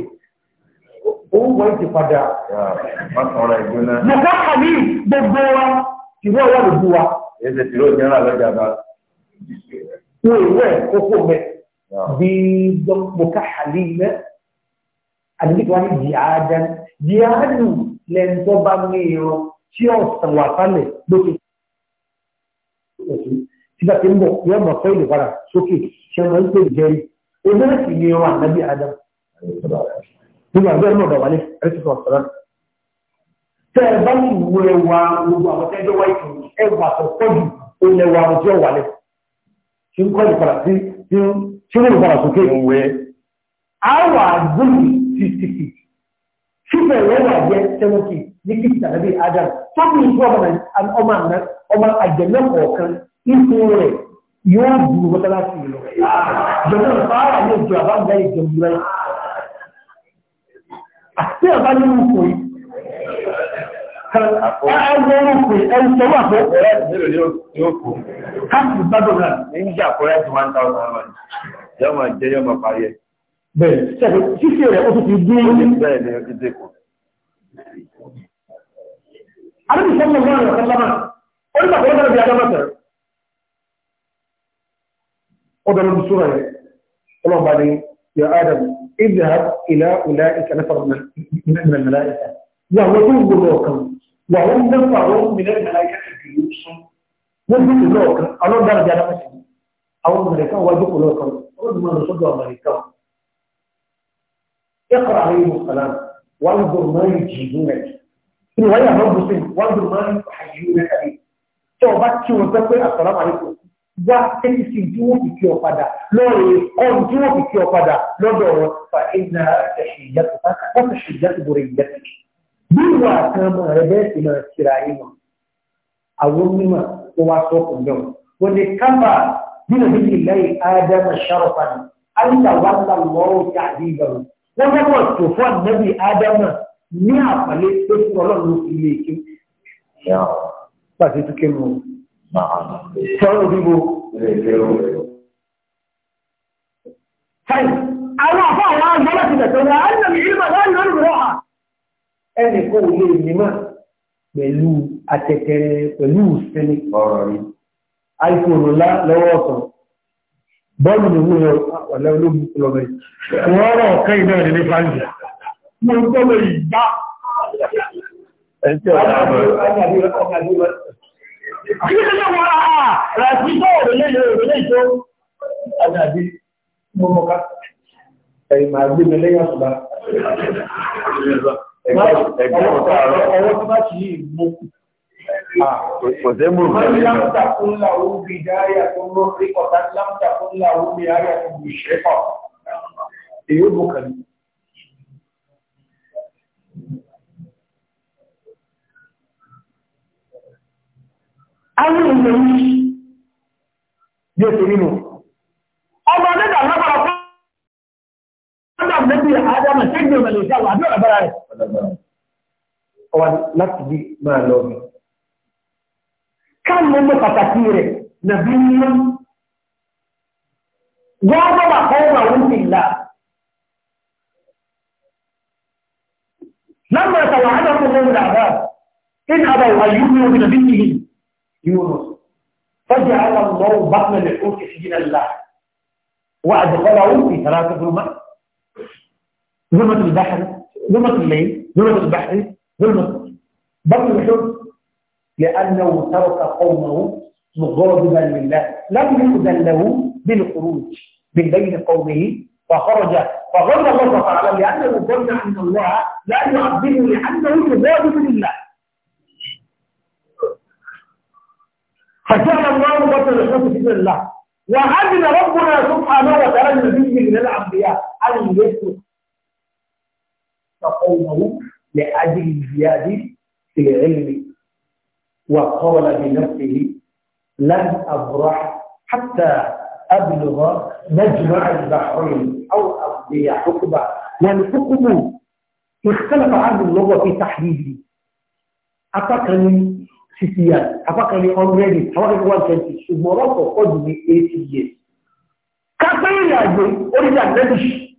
òun wọ́n ti padà nàkà kàní gbogbo wa tìrọ wà lójú wa ẹsẹ̀ tìrọ jẹ́rà lọ́jà bá wọ́n ìwé kókó mẹ́ bí mọ̀ká kàní mẹ́ àdébí wọn di àádán di àádùn lẹ́ńtọ́ bá mi rọ tí ọ̀sán wà sálẹ̀ lókè nígbà tí ń bọ̀ yóò mọ̀ fẹ́ ìlú padà sókè ṣe wọ́n ń pè jẹ́rí ebí rẹ̀ ni ọmọ ànábì adam nígbà bẹ́ẹ̀ náà bàbá ní ẹ̀sìn ọ̀sán tẹ́ ẹ bá ní ìwé ẹwà gbogbo àwọn tẹ́jọ́ wáyé tó ẹwà tó pọ̀jù ó lẹ́wà àwọn tí ó wà lẹ̀ tí ń kọ́ ìpadà sí tí ń tí ń padà sókè ìwé àwà gbòòrò sixty feet síbẹ̀ lẹ́wà jẹ́ seventy ní kìtìtà nàbí adam tó kì í fún ọmọ àjẹmẹ́kọ̀ọ̀kan ipò rẹ̀ yóò dúró mọ́tálásì lọ. Jọ̀dọ̀ fáwà yóò jọ àbájá ìjọba rẹ̀. Àti àbá nínú ipò yìí. Ẹgbẹ́ orúkọ ẹni tó wà fún ọ̀rẹ́ ìlú yóò kú. Káàkiri bá dọ̀gbà. Ní ìjà kọ̀rẹ́ ti one thousand one. Yọ́mọ jẹ́ yọ́mọ parí ẹ̀. Bẹ́ẹ̀ ṣẹ̀fẹ̀ ṣíṣe rẹ̀ ó tún ti dín. Bẹ́ẹ̀ ni ó ti dín kù. Àbí ìṣẹ́yìn ọgbọ́n rẹ̀ kọ́ sábà. Ó ní bàbá ó bẹ̀rẹ̀ bí adọ́mọ̀tẹ̀rẹ̀. قدر بسرعة الله بعدي يا آدم اذهب إلى أولئك نفر من الملائكة يهودوا بلوكم وهم نفروا من الملائكة الجيوش وهم بلوكم الله بعدي على مسلم أو الملائكة وهدوا بلوكم أرد من رسولوا الملائكة اقرأ عليهم السلام وانظر ما يجيبونك رواية رب سيد وانظر ما يحيونك به توبك وانتقل السلام عليكم wá tẹ́lifí tí wọ́n fi kí ọ padà lọ́rẹ̀ ọ̀rùn tí wọ́n fi kí ọ padà lọ́dọ̀ ọ̀rọ̀ fa iná ẹ̀ṣẹ̀ ìyàtọ̀ káàkiri wọ́n fi ṣe ìyàtọ̀ bọ̀rẹ̀ ìyàtọ̀ kì. bí ìwà kan mọ̀ rẹ bẹ́ẹ̀ sì máa kíra yín mọ̀ àwọn mímọ̀ tó wá sọ kùn náà wọ́n lè kábà nínú bí ìlẹ́yìn ádámà ṣàròpá ni àyíká wà ńlá lọ́rọ̀ káàdì ìgbàlù wọ́n bá e tó fún sọ̀rọ̀ òdìbò fine àwọn àfọ́ àwọn agbọ́lá ti tẹ̀tẹ̀ wọn àwọn ìlànà ìlú bàbá ìlú lórí rọ́ha ẹnì kò lè nímọ̀ pẹ̀lú atẹ̀tẹ̀rẹ̀ pẹ̀lú ìsinmi ọ̀rọ̀ rí iphone ńlá lọ́wọ́ ọ̀sán bọ́ọ̀lù ní wúlọ ọ̀lẹ́ olóògùn kìlọ̀mẹ̀ wọ́n rọ̀ ọ̀kẹ́ iná ní Kí ló lè wọ́n àà ràtí tó òrùlé lè Ẹ̀yìn máa gbé mi lẹ́yìn ọ̀sùn bá. Ọwọ́ tó bá ti yí mú. Kò sí mú mi. Wọ́n láǹtà fún làwọn òbí ayé ilẹ̀ yìí bí ètò nínú ọmọ nígbà lábára fún ọjọ́ ìgbẹ́bí àádámà tí gbèrò lè jáwà àbí ọ̀rọ̀ bára rẹ̀ ọwà láti bí máa lọ bí káàmù mọ́ pàtàkì rẹ̀ nà bí nínú gbọ́dọ̀ wà kọ́ wà wọ́n ti là لما توعدهم من العذاب إن أبوا أن يؤمنوا بنبيهم يونس فجعل الله بطن الحوت سجن الله وأدخله في ثلاث ظلمات ظلمة البحر ظلمة الليل ظلمة البحر ظلمة بطن الحوت لأنه ترك قومه مغاضبا لله لم يؤذن له بالخروج من بين قومه فخرج فغضب الله تعالى لأنه ظن أن الله لا يعذبه لأنه يغاضب لله فجعل الله بطل الحوت في الله وأذن ربنا سبحانه وتعالى لنبي من الأنبياء أن يسلك فقومه لأجل زياد في علمه وقال بنفسه لن أبرح حتى أبلغ مجمع البحرين أو أقضي حقبة والحكم يعني اختلف عن اللغة في تحديده أتقني sixty years apákan ní hundred apákan ní one twenty ṣùgbọ́n ọ̀pọ̀ pọ̀ jù ní eighty years. kápẹ́ ìrìn àjò oríṣi àtẹ́lẹ́sì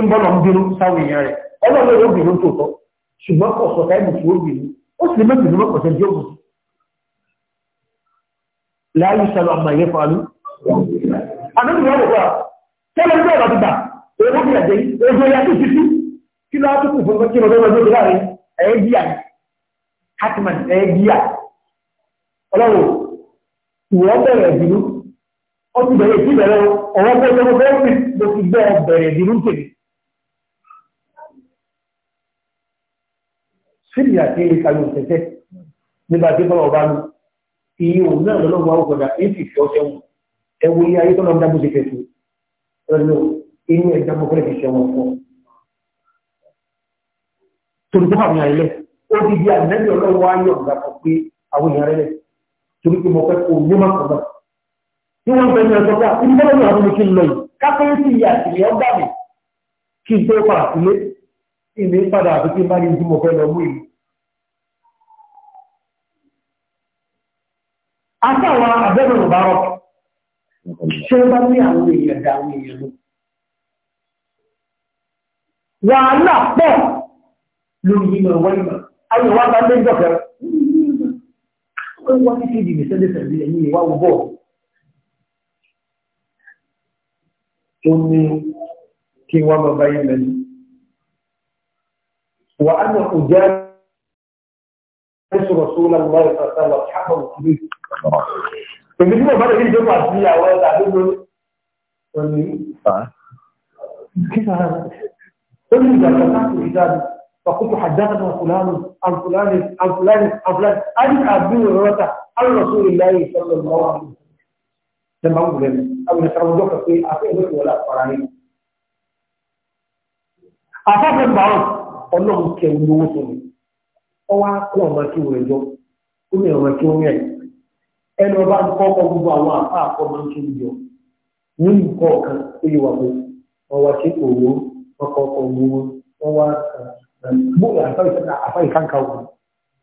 ń bọ́ lọ ń bínú sáwọn èèyàn rẹ̀ ọlọ́run ló bínú tó tọ́ ṣùgbọ́n kò sọ táìmù tí ó bínú ó sì lè mẹ́bìnrin ló kọ̀ọ̀tẹ́ díẹ̀ òkùnkùn. láyé sọ̀rọ̀ àmà ìyẹn fàálù. àdéhùn yóò wọ̀ tẹ́lẹ̀ ní ọ̀rọ̀ gbígbà owó bí ẹ̀jẹ̀ ojú ẹ̀yà tó ti fi kí ló á tó kù fún kí ló lọ́wọ́ lórí láàrin ẹ̀yẹ́ bí àyè atman ẹ̀ẹ́díà ọlọ́run ìwọ́ bẹ̀rẹ̀ ìdínú ó ti bẹ̀rẹ̀ sí bẹ̀rẹ̀ ọ̀rọ̀ pẹ̀lú gọ́ọ̀mì ló ti gbẹ́ bẹ̀rẹ̀ ìdínú tèmi síbi àti ìkàlù òṣèṣẹ́ nígbà tí bọ́lá ọba lu iye òun náà lọ́lọ́run wa ọgbọ̀dà èyí fi fi ọṣẹ wọn ẹwọ iye ayé tọ́lọ́ dábò ṣe fẹ̀sùn ẹlò inú ẹja mọ́kọ́lẹ̀ fi ṣẹ̀wọ̀n fún ọ odidi ànábì ọlọ́run wá yọ̀ ọ̀gá kan pé àwọn èèyàn rẹ̀ torí pé mo fẹ́ kó ní má kọ̀ọ̀kan tí wọ́n fẹ́ ní ọjọ́ pé àti nígbà wọn ni kí n lọ yìí kápẹ́rẹ́ sí ìyá àtìlẹ́ ọgbà mi kí n tó pa àtìlé ìní padà àti kí n bá ní ibi mo fẹ́ lọ mú yìí. àtàwọn abẹ́rẹ́ ò rọ̀ ṣé bá ní àwọn èèyàn dá àwọn èèyàn lọ. wàhálà pọ̀ lórí ìmọ̀ wáyé màá àwọn ìwà bá dé jọ̀kẹ́ wọ́n wá sí kéde ìgbésẹ̀ sẹ̀lẹ̀ ẹ̀yìn ìwà wọ bọ́ọ̀ ó ní kí wọ́n máa bá yẹn mẹ́lú wà á nà kò jẹ́ ẹ̀sùn rọ̀sùn lọ́wọ́ ìfọ̀sẹ̀ lọ káàkó òkúrú èmi tí mo bá lè rí ìjọba àti àwọn ẹ̀dá lóko ó ní kí sára ó ní ìgbà kan láti rí dáadáa فقلت حدثنا فلان عن فلان عن فلان عن فلان عن ابي هريره عن رسول الله صلى الله عليه وسلم لما اقول او نتروجك في اخيه ولا فرعين afẹ́fẹ́ gbàrán ọlọ́run kẹwù lówó tó ní ọwá kú ọmọ kí wọ́n ẹjọ́ ó ní ọmọ kí wọ́n yẹ ẹni ọba ń kọ́ ọkọ̀ gbogbo àwọn àfa àkọ́mọ tó ń jọ ní nǹkan ọ̀kan ó yẹ wà pé wọ́n wá sí òwò wọ́n kọ́ ọkọ̀ owó wọ́n wá kàn bóòlù àfa ìkànkà wò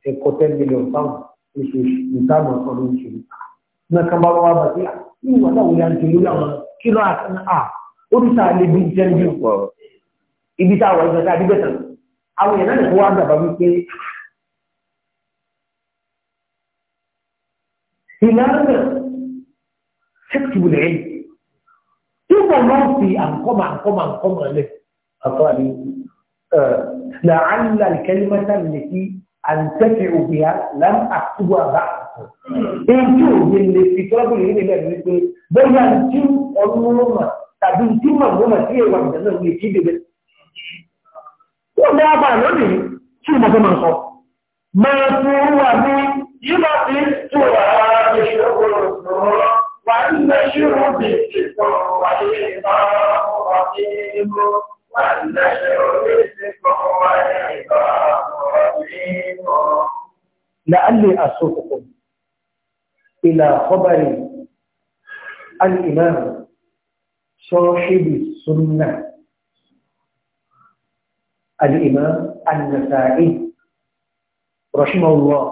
ẹ̀kọ́ ten million pound oṣooṣù ìtààmú ọ̀sán lóṣù ah, náà kan bá wà wá bàtí ìwà náà wòlé àti lórí àwọn kíló àtàn à ah, oríṣà lè bí jẹ́ńdì pọ̀ ibi tá a wà ìgbàdá àdìgbẹ́ta àwọn èèyàn náà kó wá dàbà wípé ah, ìlànà sẹ́kìtìbùlẹ̀ yìí ìwọ̀n náà fi àǹkọ́mà àǹkọ́mà àǹkọ́mà lẹ̀ àtọ́ àdìgbẹ́. لعل الكلمة التي أنتفع بها لم أكتبها بعد èyí ò yẹ lè fi tọ́lọ́bù yìí nílẹ̀ ní pé bóyá tí ọdún ló mà tàbí tí màgbọ́mà tí èèwà ìdáná lè kí bèbè. wọ́n dá bá lónìí tí mo fẹ́ máa sọ. máa tún wà ní yíba tí tó wà á lè ṣe ọ̀rọ̀ lọ́wọ́ wà á lè ṣe ọ̀rọ̀ bèbè tó wà á lè bá ọ̀rọ̀ bèbè لعلي أسوقكم إلى خبر الإمام صاحب السنة الإمام النسائي رحمه الله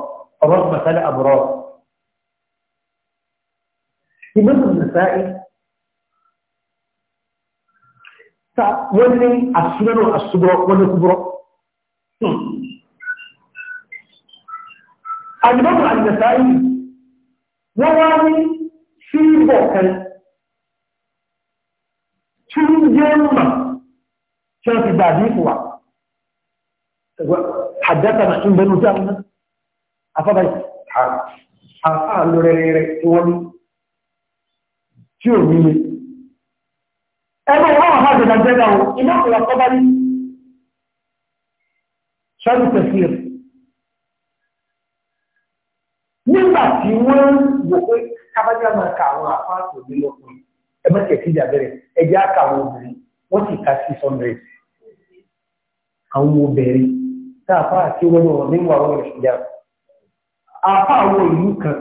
رحمة الأبرار إمام النسائي ta wọ́n ní àṣírẹ́nà àṣùgbọ́ wọ́n ní kúbúrọ́ hmm. àjùbọ́bù àjùbẹ̀sáyì wọ́n wá ní síbọ̀ kan tí ń jẹ́ mà tí wọ́n ti gbà ní ìfúwà àjátà náà ń bẹnu jáwọn náà afọ́bà àfáà lórẹ́rẹ́rẹ́ tí wọ́n ní tí ò nílé ẹgbẹ́ ìwọ́n àwọn àjọ̀dá jẹ́gbà wọn iná ìwà kọ́ bá ní ṣọ́rù tẹ̀síẹ̀ nígbà tí wọ́n wò pé kábájá máa ka àwọn àfáàtò ní lọ́kùnrin ẹgbẹ́ tẹ̀sí ìjàbẹ̀rẹ̀ ẹjẹ́ àkà àwọn obìnrin wọ́n sì ka six hundred àwọn obìnrin tá a fáà tí wọ́n wọ̀ nínú àwọn ìṣẹ̀dá àfá àwọn ìlú kan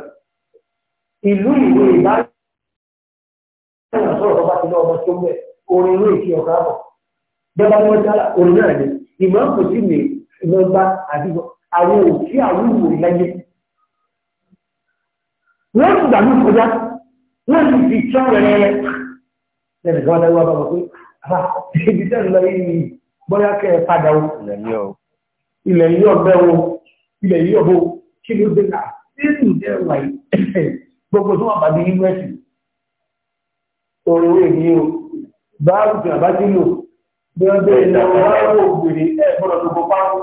ìlú ìwé ìbáraẹni sọ̀rọ̀ bá ti lọ́ ọmọ tó mẹ́rin orin ilé ìṣe ọ̀gá bọ̀ bẹ́ẹ̀ bá ní wọ́n jálá orin náà ni ìmọ̀ kò sí ní ìmọ̀ bá àdìgbò àwọn òkè àwùwò lẹ́yẹ. wọ́n ti gbà ní kọjá wọ́n ti fi tán rẹ̀rẹ̀ lẹ́nu kan dáwọ́ bá wọn pé àbá ah, ibi tẹ́ lọ yìí bóyá kẹ́ ẹ padà o ilẹ̀ yìí ọ̀bẹ o ilẹ̀ yìí ọ̀bọ kí ló dé náà ah, nínú ìjẹ́ wáyé gbogbo tó wà bàbí yúnífẹ̀sì òrùwé ni o báàrù tí àbá tí lò bí wọ́n bẹ́ẹ̀ lọ wáwọ̀ ògbèrè ẹ̀gbọ́n tó kọ páwọ́.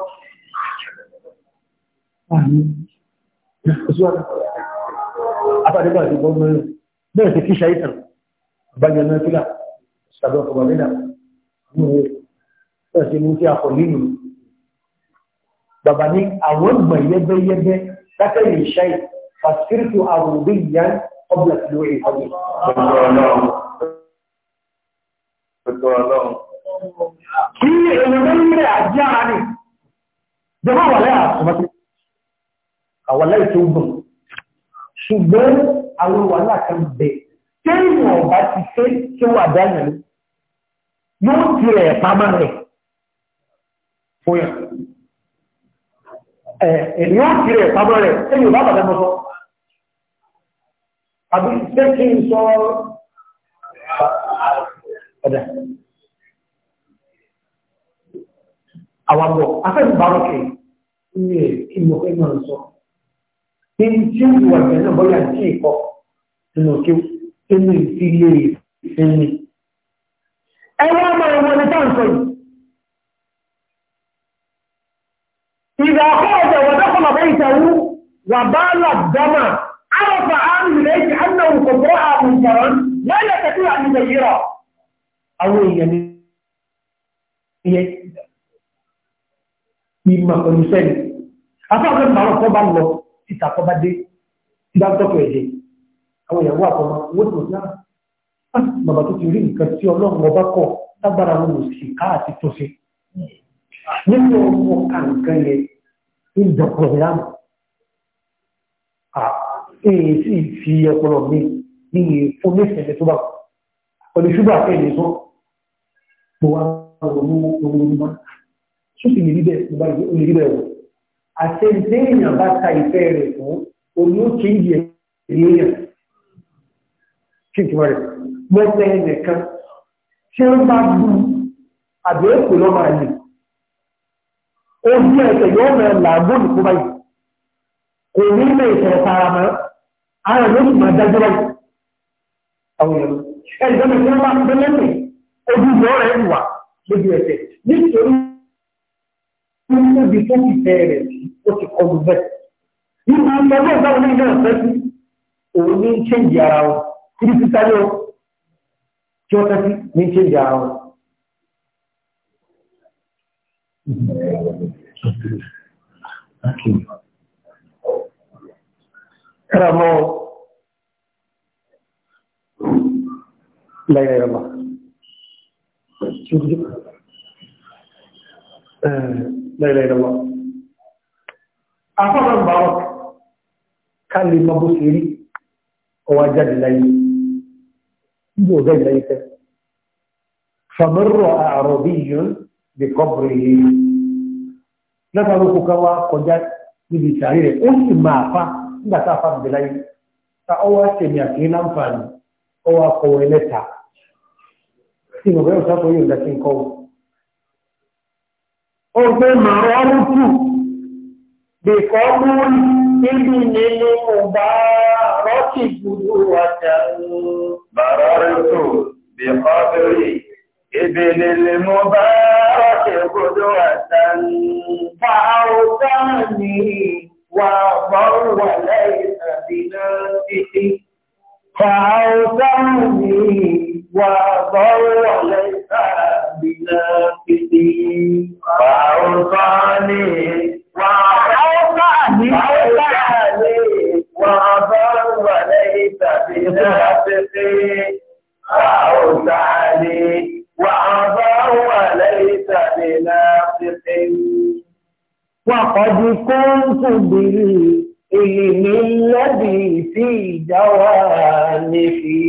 Àpàdé bá ti gbọ́n mẹ́rin bẹ́ẹ̀ ti kí ṣàìtàn àbájá náà fílà ṣàbẹ̀ ọkọ̀ bàbẹ́dà lóore bẹ́ẹ̀ ti mú sí akọ̀ nínú. Bàbá ní àwọn ìgbà yẹ́bẹ́yẹ́bẹ́ látẹ̀yìn ṣáì fàṣírìtì àrùn bí ìyá ọ̀bùlà tí lóore pẹ̀lú ọlọ́run. Kí èèyàn mẹ́rìnlẹ̀ àjí ara nì, jẹmọ́ àwàlẹ́ àtùmọ́tí, àwàlẹ́ ètò ogun. Ṣùgbọ́n àwọn wàhálà kan bẹ̀, tí ìwọ̀n ọba ti fẹ́ tí wà dáná ní, yóò ti rẹ̀ pamọ́ rẹ̀ fún yà. Ènìyàn ti rẹ̀ pamọ́ rẹ̀, ẹni ìbá bàbá mọ́ sọ. Àbí ṣé kí n sọ ọ̀dà. Àwàbọ̀ afẹ́sìbárọ̀kẹ̀ ní ìmọ̀kẹ́ náà sọ. Ní tí ó wà ìgbẹ̀ náà bọ́yá tí ìkọ́ nínú kí ó ní ìfilé ìsinmi. Ẹwọ́n máa wọ́n ní táǹsọ yìí. Ìgbà àkọ́ ọ̀dẹ̀ wọ́n dákọ̀ bàbá ìtàwú wà bá làbdámà. Àrọ̀fà àrùn ilẹ̀ ìkẹ́ àwọn èèyàn ní ẹyẹ ìmọ̀ pẹ̀lú sẹ́ni afẹ́fẹ́ màrọ̀ tó bá lọ títà tó bá dé tí bá tọ́kọ̀ ẹ̀jẹ̀ àwọn ìyàwó àkọ́mọ owó tó dá bàbá tó ti rí nǹkan tí ọlọ́run ọba kọ̀ lágbára wọn ò sì ká àti tó ṣe nínú ọmọ ká nǹkan yẹn ń dọ̀pọ̀ ìlànà sì fi ọpọlọ mi ní ìfúnmẹ́sẹ̀lẹ̀ tó bá kọ̀ pẹ̀lú ṣúgbà fẹ́ ìlẹ̀ sọ mo wá ọmọlọ́mọ́ tó sì lè rí bẹ́ẹ̀ wọ̀ àti ẹgbẹ́ èèyàn bá ta ìfẹ́ rẹ̀ fún oní ó kí ìyẹ̀ èèyàn kí n túmọ̀ rẹ̀ mọ́tẹ́ ẹnìkan tí ó bá bú àbí èkó lọ́mọ àlè ojú ẹsẹ̀ yóò mẹ́rin làágùn nìkú báyìí kò ní ilé ìfẹ́ fara mọ́ ara ló sì máa dájú báyìí àwọn èèyàn ẹ̀jẹ̀ mi fún wa gbẹ́lẹ́mì ojú ìjọ rẹ̀ wà lójú ẹsẹ̀ nítorí níbi tó fi tẹ́ rẹ̀ sí ó ti kọlu bẹ́ẹ̀. Nínú ìgbàgbọ́ ìgbàgbọ́ ní ilé ọ̀sẹ̀ sí òun ní ṣéǹjì ara wọn kiri títa O tí ó tẹ́sí ní ṣéǹjì ara wọn. Ẹ̀rọ mọ́ La ilaha illallah. Çünkü La ilaha illallah. Afọ́nà bàbá ká lè mọ bó ṣe rí ọwọ́ jáde láyé. Ibi ò jáde láyé fẹ́. Fàmọ́rọ̀ àròbí yìí bí kọ́bùrì yìí. Lọ́sàn-án kò ká wá kọjá níbi ìtàrí rẹ̀. Ó fa nígbà tá fa bìbẹ̀ láyé. Ta ọwọ́ ṣèmi àti ní láǹfààní ó wá kọ̀wé lẹ́tà tí mo bẹ́ẹ̀ sáfọ́ yóò dá sí ń kọ́wọ́. ó gbé màrọ́ ọ́rùn tù bìkọ́ múrí níbi nínú ọba rọ́ọ̀kì gbùdú àjà màrọ́ ọ́rùn tù bìkọ́ bẹ̀rẹ̀ ibi nínú ọba rọ́ọ̀kì gbùdú àjà fa ọ̀tá ni wà bọ́ọ̀wà lẹ́yìn àbínà títí. فأوتوني وأضل ليس بنافسي فأوصاني وأوصاني وأضل ليس بنافسي فأوصاني وأضل ليس بنافسي وقد كنت بالله إن الذي في جوانحي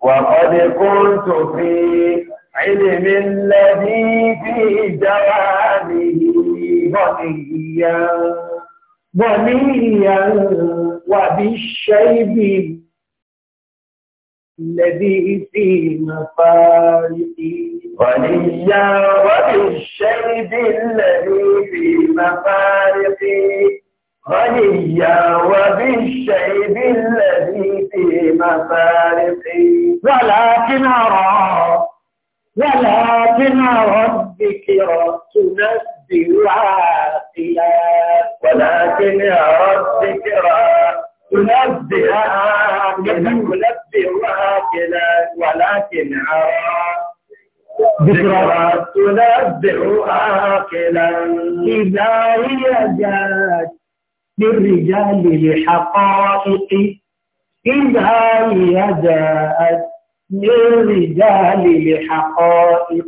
وقد كنت في علم الذي في جوانحي ظنيا ظنيا وبالشيب الذي في مفارقي ظنيا وبالشيب الذي في مفارقي غنيا وبالشيب الذي في مفارقي ولكن أرى ولكن ربك تنبه عاقلا ولكن يا ربك رأت عاقلا تنبه عاقلا ولكن أرى ذكرى تنبه عاقلا إذا هي جاءت للرجال لحقائق إذا هي جاءت للرجال لحقائق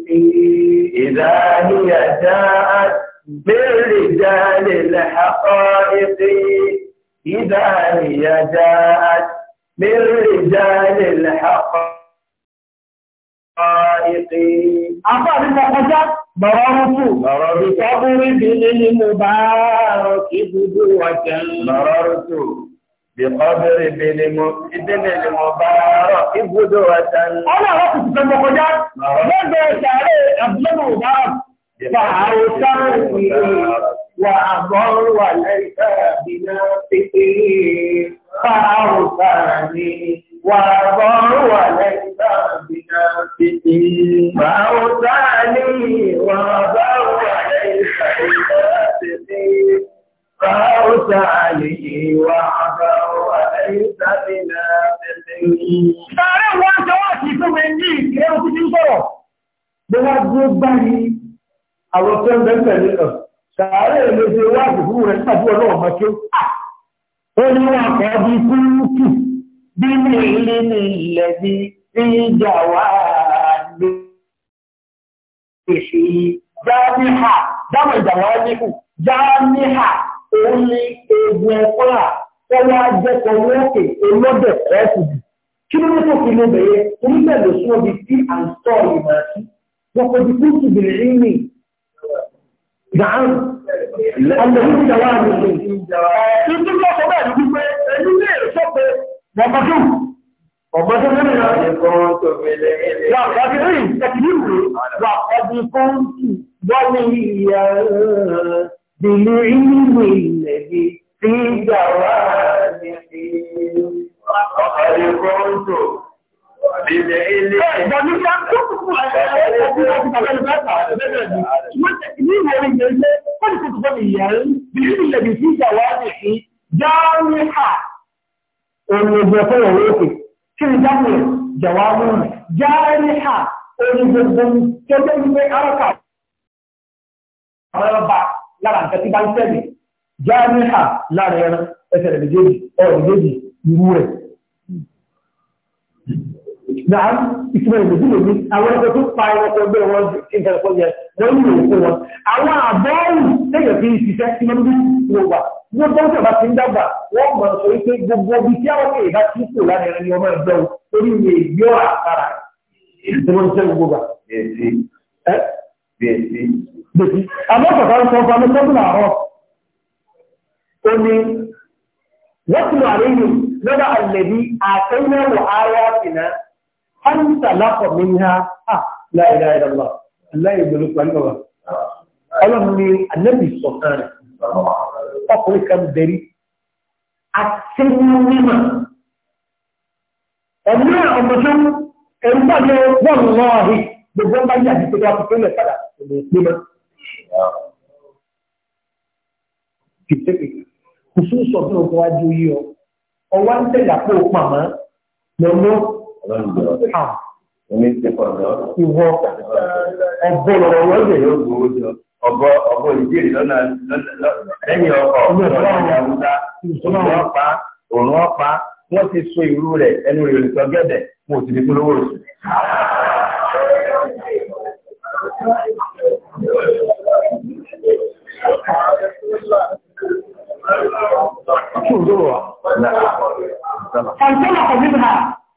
إذا هي جاءت بالرجال لحقائق إذا هي جاءت بالرجال لحقائق أخبار المقصد Bọ̀rọ̀rùkù, ìkọ́búrí bí nínú mo bá rọ̀ kí gbogbo wà jẹun. Bọ̀rọ̀rùkù, ìkọ́búrí bí nínú mo bá rọ̀ kí gbogbo wà jẹun. Ọlọ́rọ̀ kùtù fẹ́ mọ́ kọjá, lọ́gbẹ̀ẹ́ وأضاعوا عليك بنافسه فأوسعني وأضاعوا عليك بنافسه فأوسعني وأضاعوا عليك بنافسه Ààrẹ wọn ṣe wá sí fún mi ní ìkẹ́ òkú tí ń sọ̀rọ̀. Bí wọ́n gbé báyìí, ṣàárẹ̀ lè ṣe wá sí rẹ̀ nígbàtí ọlọ́wọ̀ mọ́kí. Ó ní wọn kọ́ bí kúrúkù بمعلم الذي في جوانبه جامحة دم الجوانب جامحة أولي إبوكرة ولا جسمك إلوده أسد kí ló tó fi ló bẹ̀rẹ̀ onígbà ló sún ọbí tí à ń sọ ìmọ̀ sí wọn kò ti kúrò síbi rí mi gbàánù ọmọ ìjọba mi. ìdílé ọkọ bẹ́ẹ̀ ni wípé ẹni lè Number two. Ọ̀gbọ́n tó lórí rẹ̀. Ìkọ́n tó mẹ́lẹ̀ mẹ́lẹ̀. Yà ọ̀gbọ́n tó rí ìtẹ̀kìlú rẹ̀ wà ọdí kún kí wọ́n ní ìyà bìlú ìlú ilẹ̀ bí tí ìjà wà ní fi. Ọ̀gbọ́n kún tó bìlẹ̀ ilẹ̀. Ẹ̀gbọ́n ní ká tó kúkú ẹ̀ẹ́dẹ́gbẹ̀rẹ̀ bẹ́ẹ̀ bá onígbẹ́ fẹ́rẹ̀ lókè kí ni dáhùn jẹ̀wàmù jáàrí ha onígbogbo tó jẹ́ wípé arọ́kà ọ̀rọ̀ba lára nǹkan tí bá ń tẹ̀lé jáàrí ha lára ẹran ẹsẹ̀ rẹ̀ méjèèjì ọ̀rọ̀ méjèèjì irú rẹ̀. Náà ìtumọ̀ ìgbèjì lè ní àwọn ẹgbẹ́ tó pa ẹran tó gbé wọn sí nǹkan ẹ̀kọ́ yẹn wọ́n yìí fún wọn. Àwọn àbọ̀rù tẹ̀yẹ̀ fi ṣiṣẹ́ sí mọ́bí wọ́n wà gbogbo ọjọ́ bá ti ń dàgbà wọ́n mọ̀ sọ wípé gbogbo ibi tí àwọn èèyàn bá ti kò lára ẹni ọmọ ẹgbẹ́ o torí mi èyí ọ̀rà àkàrà tí wọ́n ń sẹ́ gbogbo gbà. bẹ́ẹ̀sì bẹ́ẹ̀sì. àmọ́ bàbá ń sọ fún mi sọ́dún àárọ̀ ó ní wọ́n ti lọ àríyìn lọ́dọ̀ àlẹ́bí àtẹ́yẹ̀wò ara ìná hàǹtà lápọ̀ mi ní ha láìláìlọ́lá aláìgbèlú pẹ̀lú ọ̀rọ̀ ọlọ́run ni àlẹ́bí sọ̀kan rẹ̀ ọkùnrin kan bẹ̀rí àti mímọ̀ ẹ̀mí ọmọ tó ẹ̀rú bá ní bọ́ọ̀lù náà rí gbogbo ń bá yà ní pẹ̀lú àkókò ilẹ̀ padà òní ìpínlẹ̀ kìtẹ́kì kùsù sọ fún ọkọ̀ wájú yìí ọ ọwọ́ ń tẹ̀lé àpò pàmò lọ́mọ àwọn Ìwọ ọ̀bọ lọ̀rọ̀ wọ́n lè yóò gbowó jọ. Ọ̀bọ ọ̀bọ ìjírì lọ́nà lẹ́yìn ọkọ̀ ọ̀nà ìyàwúdá. Òun òun ti so ìrú ẹnu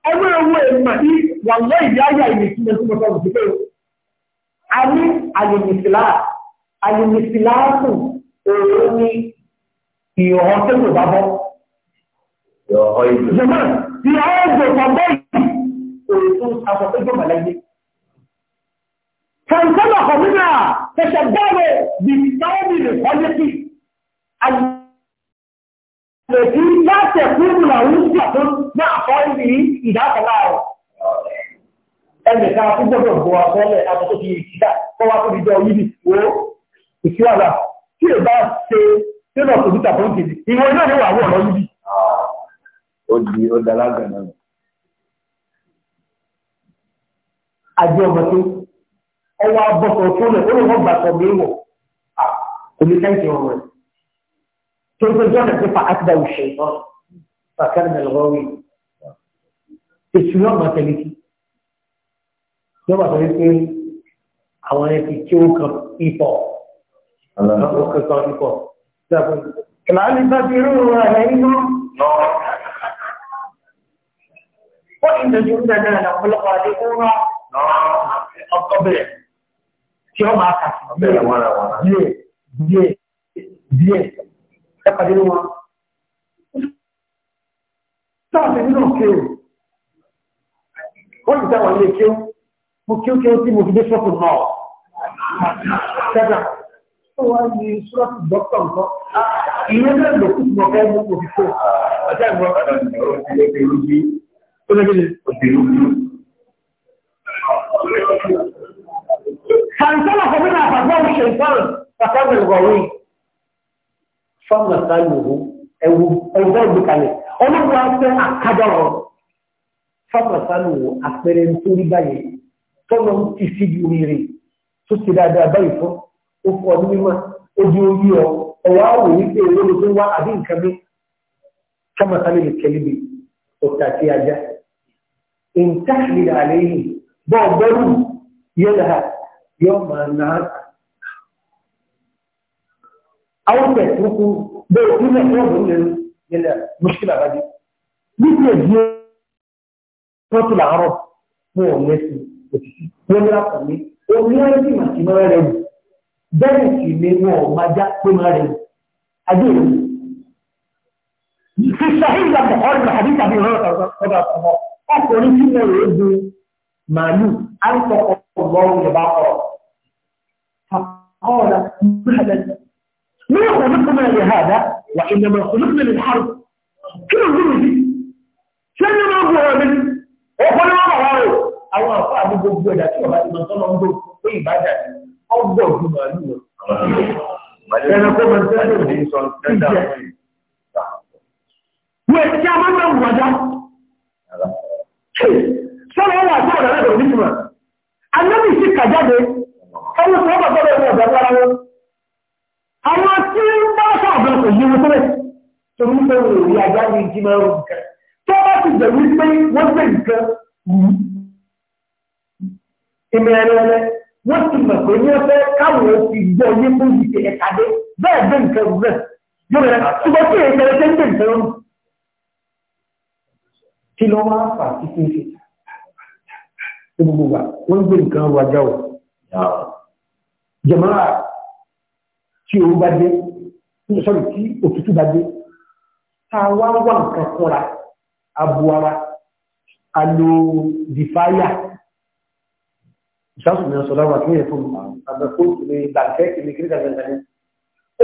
ẹwọ́ ewu èèmọ̀ tí wà lọ ìdí ayà ìrètí lọ sí mọ́tò òṣìṣẹ́ o. a ní àyèmìsílá àyèmìsílá kù òun ní ìhàn tó kò bá bọ́. jọ̀mọ́ tí a ó gbé pàbọ́ yìí òun tó aṣọ tó gbé mọ̀lẹ́gbẹ́. kàǹtẹ́lọ̀ kọ̀mínà tẹ̀sẹ̀ bẹ́ẹ̀ bí sáwọn ìrèkọ́lẹ́sì àyè lèdí láti kúrò làwọn sí àtún ní àfọ́ ibi ìdákọ̀lá rẹ̀. ẹnìkan tó gbọ́dọ̀ bọ̀ àkọọ́lẹ̀ àtọ́tọ́ ti ìkìdá kọ́ wá tóbi jọ yìí wo ìṣúwàlà tí ò bá ṣe tẹ́lọ̀ tó dúta fún kìdí ìwọ náà ni wà wọ̀ lọ yìí. ó di ó dára gan-an. àjẹ ọmọ tó ọwọ́ abọ́sọ̀ tó lẹ̀ ó lè wọ́n gbàtọ̀ gbé wọ̀ kò ní ọmọ rẹ̀. كيف الجنة تقع أتبع والشيطان فكرنا الغاوي تسلم ما تلكي يوم تلكي أولا في كوكب إيطاء وكوكب إيطاء العالم بابرون وهينهم وإن جندنا لهم الغالبون الطبيعي شو ما ليه؟ ليه؟ ليه؟ ليه؟ ẹ̀pàdé ní wọn sáàfẹ́ nínú kéwò wọ́n ti dáwà ilé kéwò mo kéwò kéwò tí mo fi dé sọ́tù náà ṣẹ́gbà tó wá ní sọ́tù dọ́kítọ̀ nǹkan ìyẹn náà lò kúkú mọ̀ fẹ́ mú mo fi kó ọjọ́ ìwọ̀n ọ̀dọ́ ìgbẹ̀rún ti lé pẹ̀lú bí ó lẹ́gbẹ̀rún òṣèlú bí فانطلق بنا فضل الشيطان فقام الغوي fọ́nà sáyòwò ẹwù ẹgbẹ́ ìgbékalẹ̀ ọlọ́wọ́ afẹ́ àkájọ́rọ̀ fọ́nà sáyòwò àpẹẹrẹ nítorí báyìí tọ́nà ti fi rírì tó ti dáadáa báyìí fún ó fọ ọdún mímọ́ ojú orí ọ ọwọ́ àwò wípé owó ló tó wá àbí nǹkan bí kọ́mọ sáyòwò kẹlíbi ọ̀tà àti ajá ìntàkìlì àlẹ́ yìí bọ́ọ̀ bẹ́rù yẹ́lá أو تتركوا بيتنا يوم المشكلة هذه مثل صوت العرب هو الناس wọ́n yà pọ̀ mí omi ọ̀rẹ́ sì mà sí mọ́ra rẹ̀ bẹ́ẹ̀ sì ni wọn ò máa já pé mọ́ra rẹ̀ adé ìlú. fi sahih la bọ̀ ọ́rẹ́ màá dídà bí ọ̀rọ̀ ọ̀rọ̀ ọ̀rọ̀ ọkùnrin tí mo rè é du màálù á ń tọkọ ọgbọ́n yẹn bá kọ̀. ọ̀rọ̀ mọ́ra ما خلقنا لهذا وإنما خلقنا للحرب كل الغرب سنة ما هو من وقال ما أبوها أو أفا أبو بوبو دا كيف أبو من صلى الله عليه وسلم أبو جمالية أنا كما سألت Wẹ̀tí a máa ń bẹ̀rù wájá. Sọ́rọ̀ ọwọ́ àti ọ̀rẹ́ rẹ̀ lọ́dọ̀ nígbà. Anábì kàjáde, ọwọ́ sọ́bà sọ́bà ẹ̀rọ wọn àwọn tí ń bá sọ̀rọ̀ kò yí wọn sílẹ̀ tó ń bẹ̀rù òrí ajá ní ìjì máa ń nǹkan tó bá ti jẹ̀ wípé wọ́n gbé nǹkan yìí ìmọ̀ ẹ̀rọ rẹ wọ́n ti mọ̀ pé ní ọ̀fẹ́ káwọn ò fi gbọ́ yé fún ìṣe ẹ̀ka dé bẹ́ẹ̀ gbé nǹkan rú rẹ̀ yóò rẹ̀ ṣùgbọ́n tí èyí tẹ̀lé tẹ́ ń gbé nǹkan rú. kí ló wá fà sí kí gbogbo wa wọ́n gbé nǹkan rú ajá jẹ̀mọ́ra tí òun bá dé sọ́rì tí òtútù bá dé tá a wá wà nǹkan kúnra abo ara alo dìfáyà ìṣàkóso mi sọ láwọn àtúnyẹ fún mi àbẹ̀kó ìṣòro blanket mi kiri kàgbẹ̀ nǹkan ní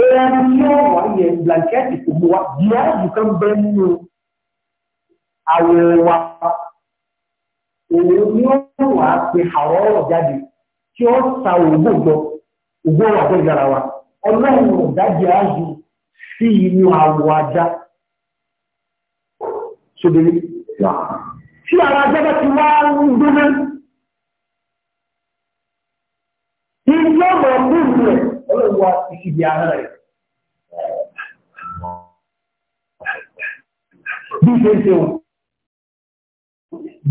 ẹran tí ó wà yẹ blanket kò mú wa yẹ àjùkán bẹ nínú àwọn wa òun ni ó wà pé àwọn ọ̀rọ̀ jáde tí ó sa òògùn lọ òògùn ọ̀rọ̀ àjọ ìlara wa ọlọ́run ọ̀dájẹ́ ájú sí inú àwọ̀ ajá ṣòbìrí tí ara ajẹ́bẹ́ ti wá ń gbóná ilé ọmọ ọdún rẹ̀ ọlọ́run ìṣìdí ara rẹ̀ bí ṣe ń ṣe o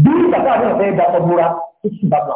bí ìgbàgbà náà fẹ́ dàpọ̀ búra ó sì bàbà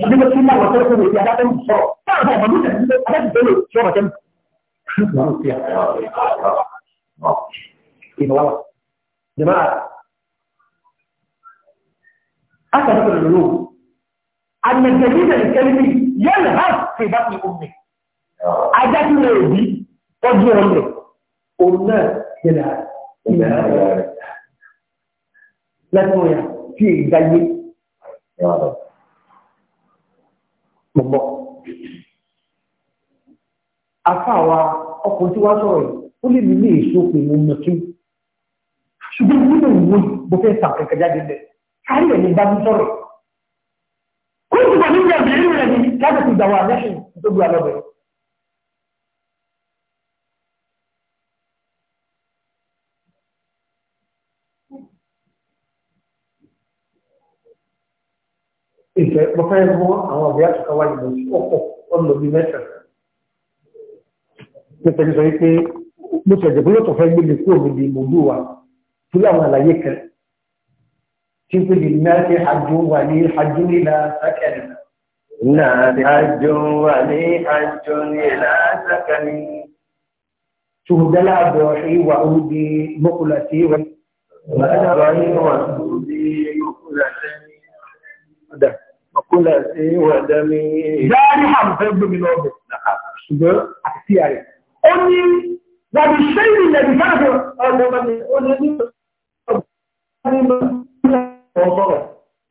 ìdílé tí máa wọ́n tó lè fi adájọ́ mi sọ̀rọ̀ báwo ọmọ mi tẹ̀lé adájọ́ tó lè fi ọmọ tẹ́lẹ̀. ìnáwó jẹ̀mọ́ àtàkùn lòlò àmẹ̀jẹ̀lì ìdẹ̀lẹ̀ kẹ́lẹ́mì yẹ́lẹ̀ hà sí ìbá fi omi ajá tí lè rí ọdún ọ̀lẹ̀ òun náà yẹlẹ̀ hà lẹ́tọ̀ọ́ yà tí èyí dáyé pọ̀pọ̀. Afá wa ọkọ̀ tí wá sọ̀rọ̀ ó lè ní ní èso pé mo mọ̀ kí. Ṣùgbọ́n nínú ìwé mo fẹ́ sàn kẹ̀kẹ́ jáde bẹ̀. Kárí ẹ̀ ní bá mi sọ̀rọ̀. Kó ìgbà nígbà mìíràn rẹ̀ ni láti fi gbà wà lẹ́sìn tó gbà lọ́bẹ̀rẹ̀. ìfẹ́ mo fẹ́ mú àwọn ọ̀gbẹ́ àtúkà wáyé lọ sí ọkọ̀ ọlọ́ bíi mẹ́ta nípa ìsọ wípé mo ti ẹ̀jẹ̀ bóyá tó fẹ́ gbé mi kúrò níbi ìmọ̀lú wa torí àwọn àlàyé kan tí ń pè ní náàtì àjò wà ní àjò nílà sákẹ́ni. náàtì àjò wà ní àjò nílà sákẹ́ni. شهداء الروحي وعودي مقلتي وأنا رأي وعودي مقلتي ọ̀dà ọkùnlẹ̀ sí ìwọ̀dà mi. Dáàrí àrùn fẹ́ gbé mi lọ bẹ̀. Ṣùgbọ́n àti àrẹ̀. Ó ní wàbí ṣẹ́yìn lẹ́bi fáàbù ọ̀dọ̀ mami ó ní ní ọ̀gbọ̀n ọ̀gbọ̀n mẹ́rin ní ma. Ọgbọ̀n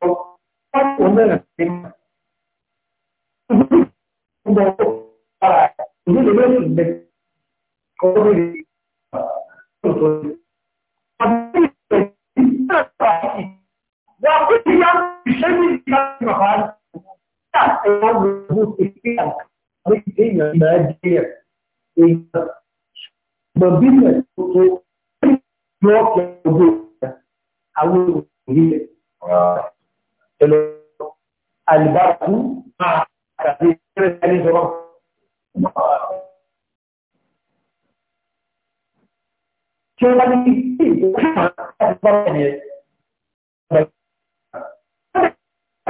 ọ̀gbọ̀n ìdílé mẹ́rin ní ọgbọ̀n ìdílé. Wàá kú ti yá. Ìṣẹ́gun ìgbà bàbá rẹ̀ ṣàtẹ̀wọ́ gbogbo ìpè àwọn èèyàn máa di ẹ̀. Èèyàn gbọ̀n bí ìwẹ̀ tuntun yọ ọ̀kẹ́ gbogbo àwọn òṣèré rẹ̀. Ẹ̀lọ́ àlùbáàkú máa tàbí ẹ̀rẹ́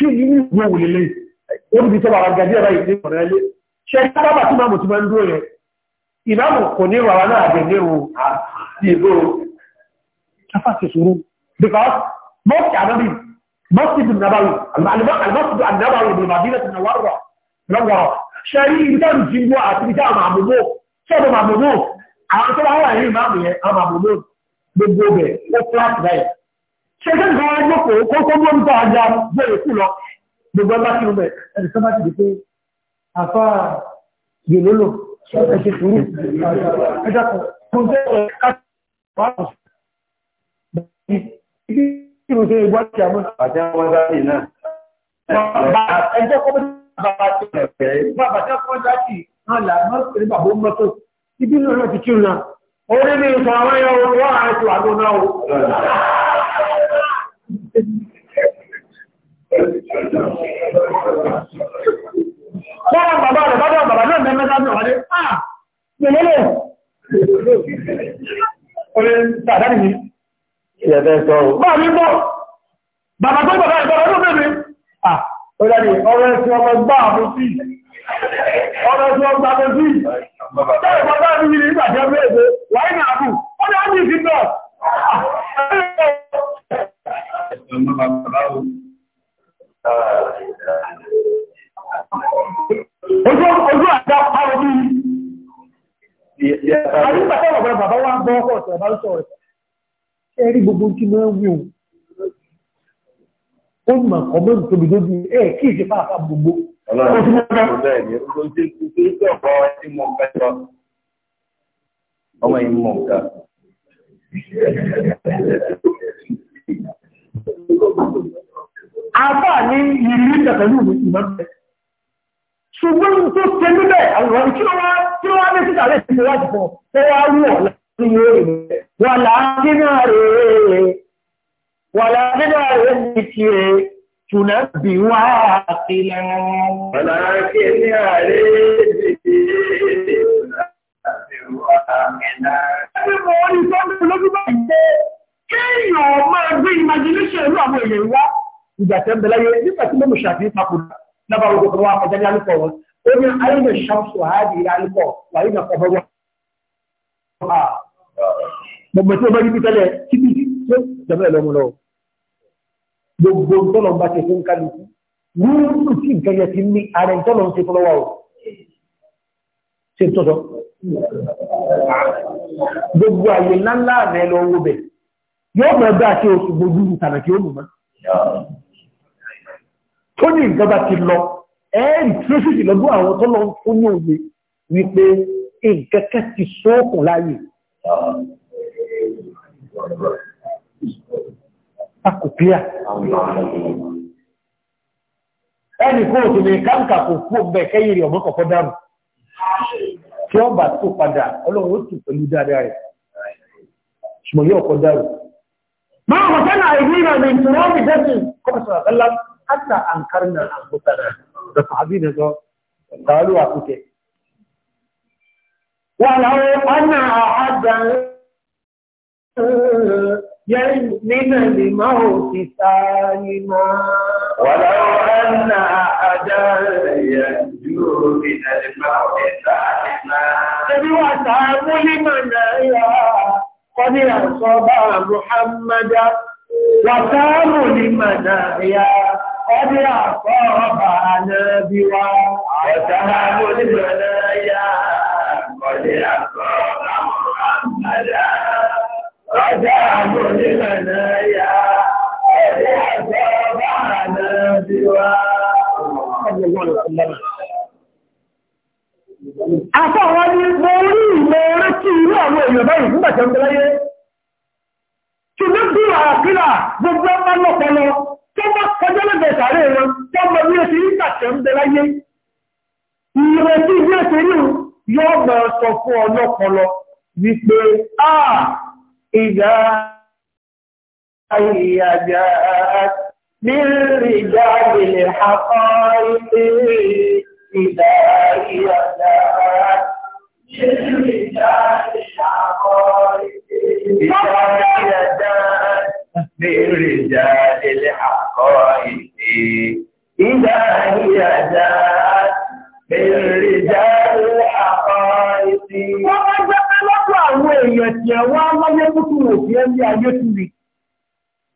kí ní ìwé òwò lélẹ̀ ó bí sọ́wọ́ àwọn gàdí ẹ̀rọ ìdí ọ̀rẹ́ lé ṣe sábà tí máàmù ti máa ń dúró yẹn ìmáàmù kò ní ìwà náà àjẹ ní ìwò àti ìgbò káfà sí sùúrù because mọ́ọ̀kì ànábì mọ́ọ̀kì bí nàbàwì àlùmọ́ọ̀kì bí nàbàwì ìbùdó màbí láti nàwárọ̀ lọ́wọ́rọ̀ ṣe rí ibi táwọn jíńgbó àti ibi táwọn àmàmùmó sọ́dọ̀ màmùmó àwọn tó bá wà ní ìmáàmù yẹn àmàmùmó gbogbo bẹ̀ ó fúláàtì báyìí ṣe kí nǹkan agbókò kó tó bó ń tọ́ àjà bẹ̀rẹ̀ kú lọ gbogbo ọba kí ló bẹ̀ ẹni tó bá ti di pé àfa yòlólò ẹ ti sùúrù ẹ dàpọ̀ tó ń tẹ́ ọ̀rọ̀ ká wà á kí ló ṣe ìgbà tí a mọ̀. àti àwọn dáàbì náà. bàbá ẹjọ́ kọ́ bí bàbá tó ń bẹ̀ bàbá tó ń dáàbì náà là má pèrè bàbá ó mọ́tò ibi náà ti kírun náà. orí mi sọ àwọn ẹ̀yọ́ wọn àti àgọ́ náà o. Lára bàbá rẹ̀ bàbá bàbá náà mẹ́mẹ́ sáájú ọ̀wádé, ah, pẹ̀lẹ́lẹ̀. Orí tàdá nìí. Ìyẹ̀fẹ́ sọ ọ̀. Bá mi bọ́, bàbá tó bàbá ìbọ̀rọ̀ ló mẹ́mẹ́. Ah, ó dáadé, ọ̀rọ̀ ẹ̀sìn ọmọ gbá àmú sí. Ọ̀rọ̀ ẹ̀sìn ọmọ gbá àmú sí. Bẹ́ẹ̀ bàbá mi yìí ojú ojú àjá ahụ bí i àyíkàtẹ́ ọ̀gbọ̀n bàbá wá bọ́ ọkọ̀ ọ̀sẹ̀ bá ń sọ̀rọ̀ ẹ rí gbogbo tí mọ́ wí o ó mà kọ́mọ́ tóbi lójú ẹ kí ìṣe pàápàá gbogbo Thank you. àbá ní ìlú ìjàpẹ̀lú ìmọ̀ bẹ̀. ṣùgbọ́n tó ṣe níbẹ̀ àwọn kí tí wọ́n ní títà lè ṣe láti fọ́ ó wá rú ọ̀la sí ilé rẹ̀ wà láàbínà rẹ̀ wà láàbínà rẹ̀ ní ti rẹ̀ tùnà bí wá àkìlẹ̀ wọn. wà láàbínà rẹ̀ ní ti rẹ̀ tùnà wá ìjà tẹ́ ń bẹ láyé nígbà tí mọ́mù ṣàfi papòdà lábà ogun tó wà kọjá ní alùpọ̀ wọn ó ní àyínà ṣàmùsù àádì ìrà alùpọ̀ wà ní ọ̀pọ̀ bọ́wọ́. Ah. mọ̀mọ́ tí ó bá yí bí tẹ́lẹ̀ títí tó jẹ́mọ́ ẹ̀ lọ́mú lọ. gbogbo tọ́lọ̀ ń bá ṣe fún kálukú wúrúkú tí nǹkan yẹn ti ní ààrẹ tọ́lọ̀ ń ṣe fún lọ́wọ́ o. ṣe ń tọ́jọ́. gbogbo àyè ńláńlá rẹ̀ lọ wo bẹ̀ yóò mọ̀ ẹgbẹ́ àti tó ní ìjọba ti lọ ẹ̀ẹ́rì tí ó sì sì lọ́dún àwọn tó lọ fún ní òye wípé ìkẹ́kẹ́ ti sóòkùn láyè akùpíà ẹni kó òtù ní káńkà kò kú ọgbẹ́ kẹ́yìn rí ọmọ kọ̀kọ́ dárù tí ó bá tó padà ọlọ́run ó tù pẹ̀lú dáadáa rẹ̀ ṣùgbọ́n yóò kọ dárù máa wọ̀ sẹ́nà àìrí ìrànlẹ̀ ìtùrọ́ ìdẹ́sìn kọ́mọ̀sán àtàlámù hatta an karnar al-mutana da sahabi ne zo taruwa kuke walau ana ahadan يؤمن لموت سالما ولو أن أحدا ينجو من الموت سالما تبي وسام لمنايا قد أصاب محمدا وسام لمنايا ọdún àkọ́ ọba ànábí wa ọ̀tá olùgbọ̀nà yá ọdún àkọ́ ọba àmàdá ọjà olùgbọ̀nà yá ọdún àkọ́ ọba ànábí wa. Àfọ́ àwọn ni mo rí ìmọ̀ orí kí irú àwọn èèyàn báyìí nígbà tí ń bẹ Ṣùgbọ́n bí àkílà gbogbo ọmọ lọ́pọ̀lọpọ̀ tó bá kọjọ́ lẹ́gbẹ̀ẹ́ sàárè wọn tó mọ bí ó ti rí tàṣẹ ń bẹ láyé ìrètí bí ó ti yóò mọ̀ sọ fún ọlọ́pọlọ wípé a ìgbà ayíyàjá ní ilẹ̀ àkọ́ ilé ìgbà ayíyàjá ní ilẹ̀ àkọ́ ilé ìgbà ayíyàjá. برجال الحقائق إذا هي جاءت بالرجال الحقائق wọ́n máa jẹ́ pé lọ́pọ̀ àwọn èèyàn tí ẹ wá lọ́yẹ́ kúkú wò sí ẹ ní ayé túbi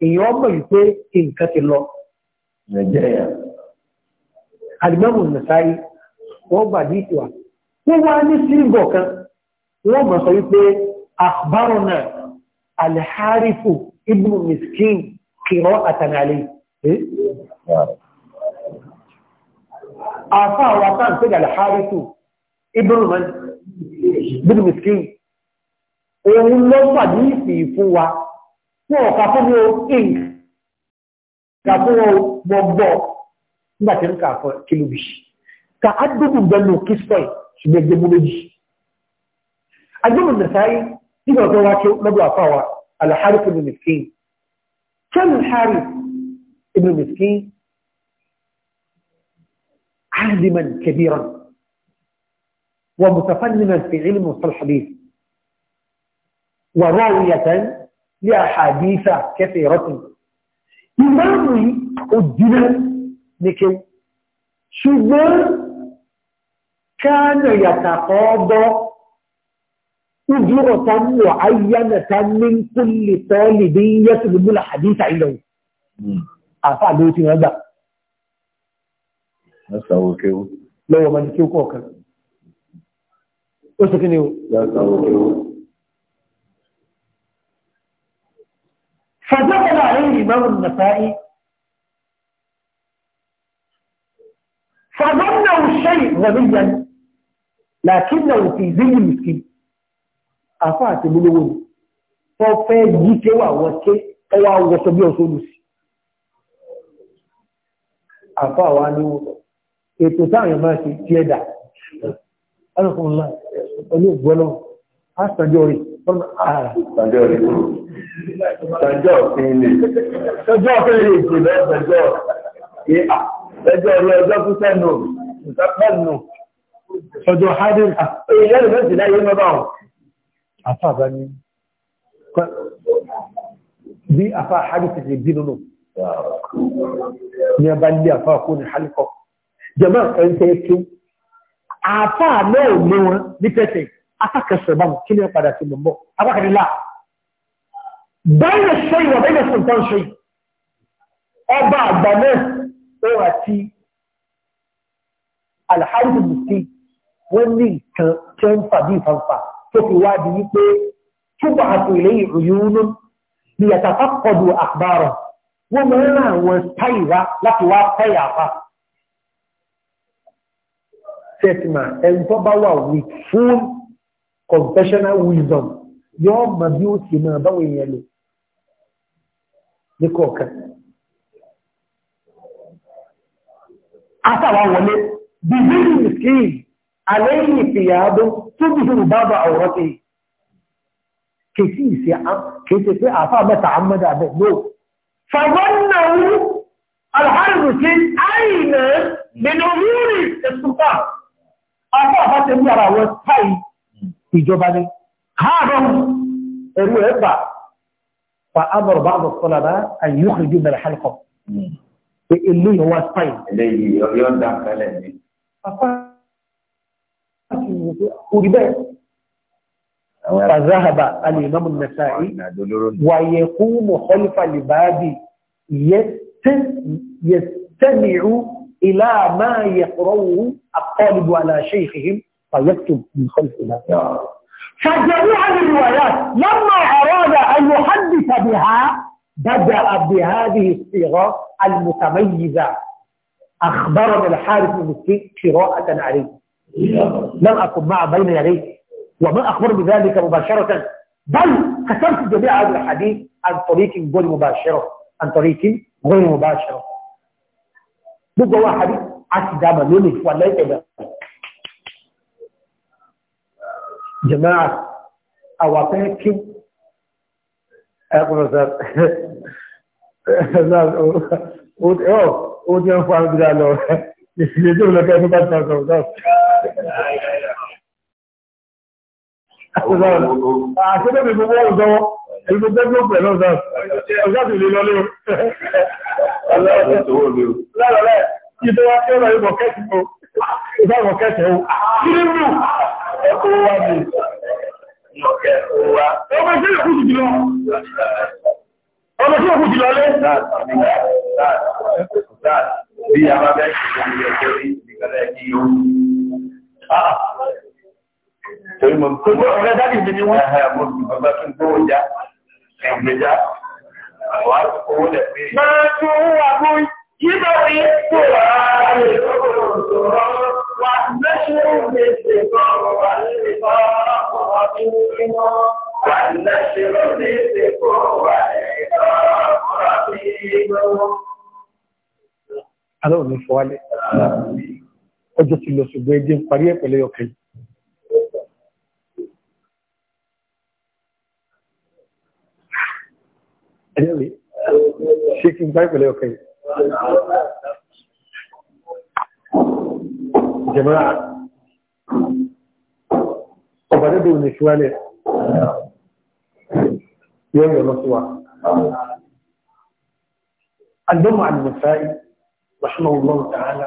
èèyàn mọ̀ yìí pé nǹkan ti lọ. alimami nasari wọ́n gbà ní ìwà wọ́n wá ní sílgọ̀ kan wọ́n sọ wípé àbárò náà ابن مسكين قراءة عليه إيه؟ أعطاه وطان تجع لحارته ابن من؟ ابن مسكين òun ló pàdé ìsìn fún wa tí ọ̀ka fún mi ó king ka fún wọn mọ gbọ́ nígbàtí ń kà fún kílùbì ka ádùkù gbẹnu kístọ̀ì ṣùgbọ́n gbẹmú méjì agbẹ́mù nàṣáyé nígbà tó wá kí lọ́dọ̀ àfáwà حارث بن مسكين كم الحارث بن مسكين عالما كبيرا ومتفننا في علم وصل الحديث وراوية لأحاديث كثيرة إمامي أدنى لكي شبه كان يتقاضى أجرة معينة من كل طالبية يتلب الحديث عنده أفع دوتي ماذا؟ أسأل كيو لا ومن كيو كوكا أسأل كيو أسأل كيو فدخل عليه الإمام النسائي فظنه الشيء غبيا لكنه في ذي المسكين àfá àti múlówó ni tó fẹ́ yí ké wà wọ́n ké ọwá wọ́sọ bí ọ̀sọ́ olùsí àfá wa ní ètò táàyàn máa ṣe tí ẹ̀dà ọlọ́kùnlá olóògbọ́lọ́ àṣàjọ́ rẹ̀ Tàjọ́ òfin lè. Tàjọ́ òfin lè jù lẹ́gbẹ̀jọ́. Ẹjọ́ ọ̀rọ̀ ẹjọ́ fún sẹ́nu, ìtàpẹ́nu, ọjọ́ Hádìrì. Èyí lẹ́rìí mẹ́sì láyé mẹ́bàá àfà bá ní bí àfà hadith ti bí nínú ní ọba ní àfà kó ní halikọ jẹmọ́ ẹ̀ntẹ́ ẹ̀kí àfà náà lé wọn ní tẹ́tẹ́ afákẹsẹ̀ bá mọ̀ kí ní padà sí mọ̀ mọ́ afákẹ̀lá báyìí ṣe ìwọ̀n báyìí ṣe nǹkan ṣe ọba àgbà náà ó àti alhárùn-ún wọ́n ní nǹkan tí ó ń fà bí ìfàǹfà tó fi wá di wípé túbọ̀ àti ilé ìròyìn ní yàtàfàkọ̀dù àkbárọ̀ wọ́n mọ̀ rán àwọn táìwá láti wá táì àpá sẹ́tìmà ẹni tó bá wà with full confessional wisdom yọ́ mọ̀ bí ó ti máa báwọn èèyàn lò ní kọ̀ọ̀kan àtàwà wọlé bí bí mìsíkì عليه ثياب تظهر باب عورته كيسي كيسي في عفا ما تعمد عبد نو فظنه الحرب سين أين من أمور السلطان عفا فاتم يرى وستاي في جبل هارم إبا فأمر بعض الطلباء أن يخرجوا من الحلقة اللي هو ستاي اللي يوضع فلن فذهب الإمام النسائي ويقوم خلف العباد يستمع إلى ما يقرؤه الطالب على شيخهم فيكتب من خلفنا فجميع الروايات لما أراد أن يحدث بها بدأ بهذه الصيغة المتميزة أخبرنا الحارث المسكين قراءة عليه لم أكن مع بين يديه وما أخبر بذلك مباشرة بل كتبت جميع هذا الحديث عن طريق غير مباشرة عن طريق غير مباشرة بقى واحد عسي داما نوني والله إذا جماعة أواتيك أقول رسال رسال أود أود ينفع بذلك يجب لك أن تبتل رسال Àṣẹ́lẹ̀ mi gbogbo ọ̀dọ́wọ́, ìlú gbogbo pẹ̀lú ọ̀dọ́wọ́, ọ̀dọ́wọ́ ti lè lọ lé o. Lọ́lọ́lẹ́, ìtọ́wà tí ó rọ̀ ìbọ̀ kẹ́kì o, ìbáwọ̀ kẹ́kì o, kí ní mú ẹkọ́ wá ní ọmọ tí ó kú jù lọ. Ọmọ tí ó kú jù lọ lé. Bí a máa bẹ́ẹ̀ torí mo tó bọ́ ọ̀rẹ́ dáàbì mi ni wọ́n ṣe àwọn ọba tó ń já ẹ̀gbẹ́já wà lẹ̀ pé. máa tún wà á lè bá ọmọ inú wà lẹ́sẹ̀ gbèsè wà lè bá ọmọ inú iná. alóòní ọjọ́ ti lọ ṣùgbọ́n ẹgbẹ́ ń parí ẹ̀ pẹ̀lẹ́ ọkàn yìí. ẹ̀rẹ́rẹ́ ṣé kí n parí pẹ̀lẹ́ ọkàn yìí. jẹ̀mọ́ra ọba dẹ́dẹ́ òní ṣúwálẹ̀ yóò yọ lọ́sọ́wà. الدم عن النسائي رحمه الله تعالى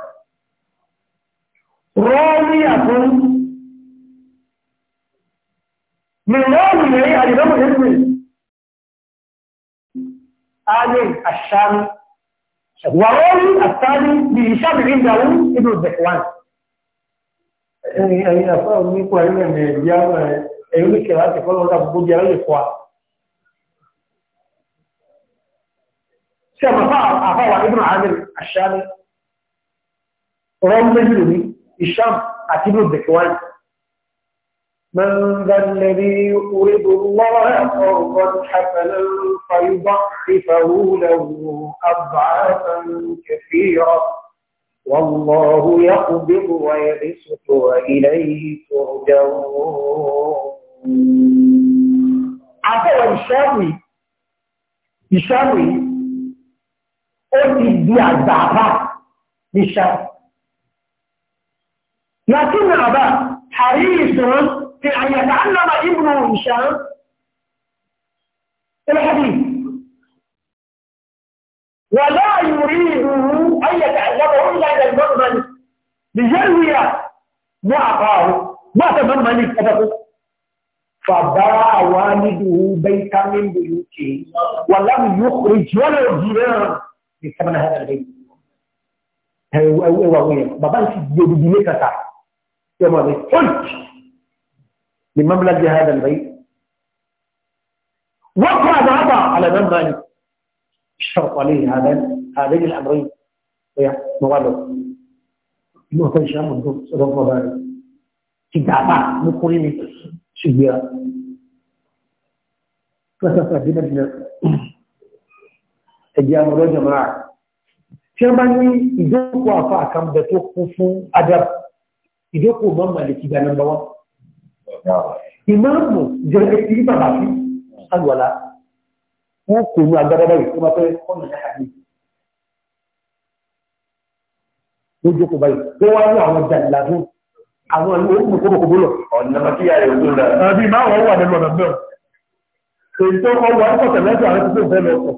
راوية من راوية يعني الإمام الهزمي آمين الشام وراوي الثاني بهشام بن داوود ابن الزكوان ẹ̀yìn àfáà ní kò ẹ̀yìn ẹ̀mẹ̀ ìyá ẹ̀yìn oníkẹ̀ láti fọ́lọ́dá gbogbo jẹ́ lè fọ́ ṣe àmàfà àfáwà ibùn àmìrì àṣà ọ̀rọ̀ méjì lónìí الشام أكيد الذكوان من ذا الذي يقرض الله قرضا حسنا فيضعفه له أضعافا كثيرا والله يقبض ويبسط وإليه ترجعون عفوا الشاوي الشاوي ó ti di àgbààbà لكن الأباء حريص في أن يتعلم ابنه هشام الحديث ولا يريده أن يتعلمه إلا إلى المؤمن ليروي معطاه ما تممني أبدا فباع والده بيتا من بيوته ولم يخرج ولا دينار بثمن هذا البيت هو هو هو هو هو هو كذا كما قلت لمملك هذا البيت وقع العطاء على من مالك الشرط عليه هذا هذين الامرين مغلق المهتم شام الدرس رفض ذلك تدعبا مقرمي شبيا فسفة في مجنة ẹjẹ́ amọ̀lọ́jọ̀ máa tí wọ́n bá ní بتوقفوا ادب ìjókòó mọ́ màlìkì gba nọmba wọn. ìmáàmù jẹrẹ ti rí bàbá sí àlùwàlá wọn kò ní agbára báyìí tó máa fẹ́ kọ́nà náà àbí. wọ́n jókòó báyìí wọ́n wá ní àwọn jàǹdà fún àwọn olùkọ́ kòkòrò lọ. ọ̀nà tí a yẹ̀ wọ́n rà. àbí máa wọ́n wà nínú ọ̀nà náà. èyí tó kọ́ wọ́n kọ̀tẹ̀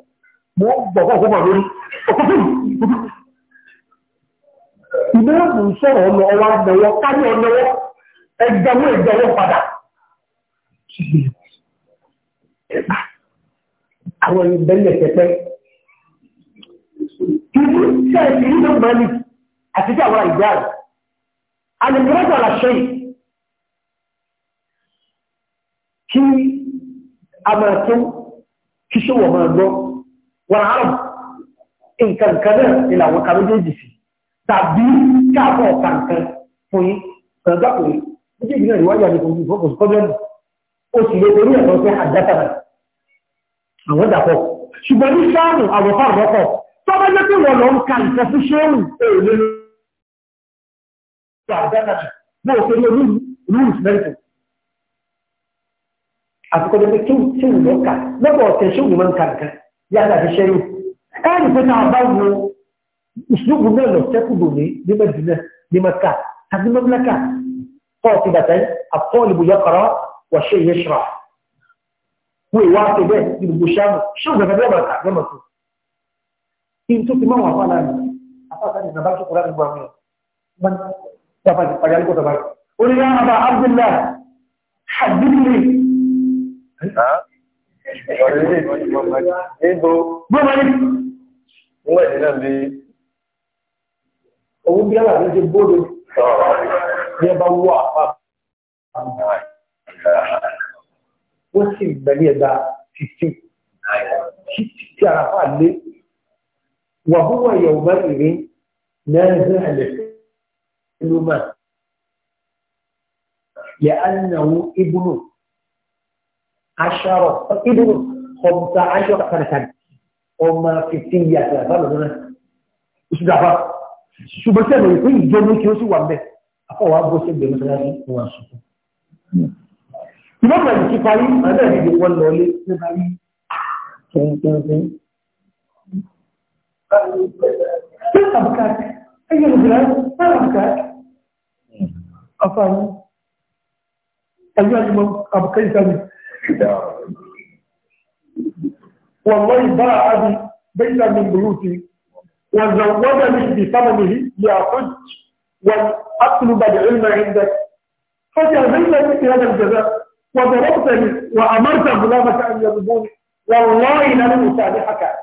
ìmọ̀ọ́mù ń sọ̀rọ̀ ọ̀nà ọwọ́ àgbẹ̀wọ̀ kárí ọ̀nàwọ́ ẹgbẹ̀wọ̀ ẹgbẹ̀wọ̀ padà. Àwọn ìbẹ̀lẹ̀ pẹ̀pẹ́. Kìí ṣe ẹ̀sìn nínú mọ́lì àti tí àwọn ìgbà rẹ̀. Àlùmọ́jọ́ àlàṣẹ yìí. Kí a máa tó kí ṣòwò máa gbọ́. Wọ́n á nǹkan kan náà ni kan méjèèjì sí tàbí káàbọ̀ kàǹkan fún yín kàǹkan kò rí méjèèjì náà ìwádìí àti ìfòkùn ìfòkùn pọ́blẹ́mù ó sì lè torí ẹ̀tọ́ sí àjátàrà àwọn ìdàpọ̀ ṣùgbọ́n ní sáàmù àwọ̀fà àwọ̀kọ̀ tó bá jẹ́ pé wọ́n lọ ń ka nǹkan fún ṣéwù èèlé ló ń àjátàrà náà ṣe ní olúrùs mẹ́rìnkù àfikọ́ jẹ́ pé ṣéwù lọ́ka lọ́pọ̀ ọ̀tẹ̀ ṣéwù ló máa ń ka nǹkan yàtà ti ṣẹ́yìn ẹ̀rì ìṣòro náà lọ sẹ́kùdù ní ní Mẹ́dínà ní Mẹ́kà àti mẹ́mẹ́kà pọ́ọ̀tì bàtà àpọ́ọ̀lùbù yọkọ̀rọ̀ wàṣẹ ìyẹn ṣọ́ra wọ́n ìwà àti bẹ́ẹ̀ ní gbogbo ṣáàmù ṣóò gbẹ̀gbẹ̀ bẹ́ẹ̀ bàtà bẹ́ẹ̀ mọ̀tò kí n tó ti máa wà fún aláàmì afáàkà ní nàbà tó kọ́ra ní gbàmù yẹn bàbá ti pàdé alẹ́ kọ́tà báyìí ó ní yára bá Abdullahi hadidiri. Bọ́ọ̀mọ̀ ni. Bọ́ọ̀mọ̀ ni. وهو يومئذ نازع لحلما لأنه ابن عشرة ابن خمسة عشرة سنة وما في سنة ثلاثة ثلاثة ثلاثة ṣùgbọ́n tí ẹ̀mọ̀ ìpín ìjọ ní kí ó sì wà bẹ́ẹ̀ akọ̀wà bó ṣe bẹ̀rẹ̀ sọ́yá sí ìwà ṣùkú. ìbọ̀pọ̀ ìdí parí ẹgbẹ́ ìdí wọn lọ lé ní parí kẹ́ńkẹ́ńkẹ́. ṣé àbùkàkì ẹ̀yẹ ìgbìlá ṣé àbùkàkì àfààní ẹ̀yẹ àjùmọ̀ àbùkàkì sáré. wọ́n lọ ìbára àbí bẹ́ẹ̀ وزودني بثمنه يا حج وأطلب العلم عندك فجازيت مثل هذا الجزاء وضربتني وأمرت غلامك أن يضربوني والله لن أسامحك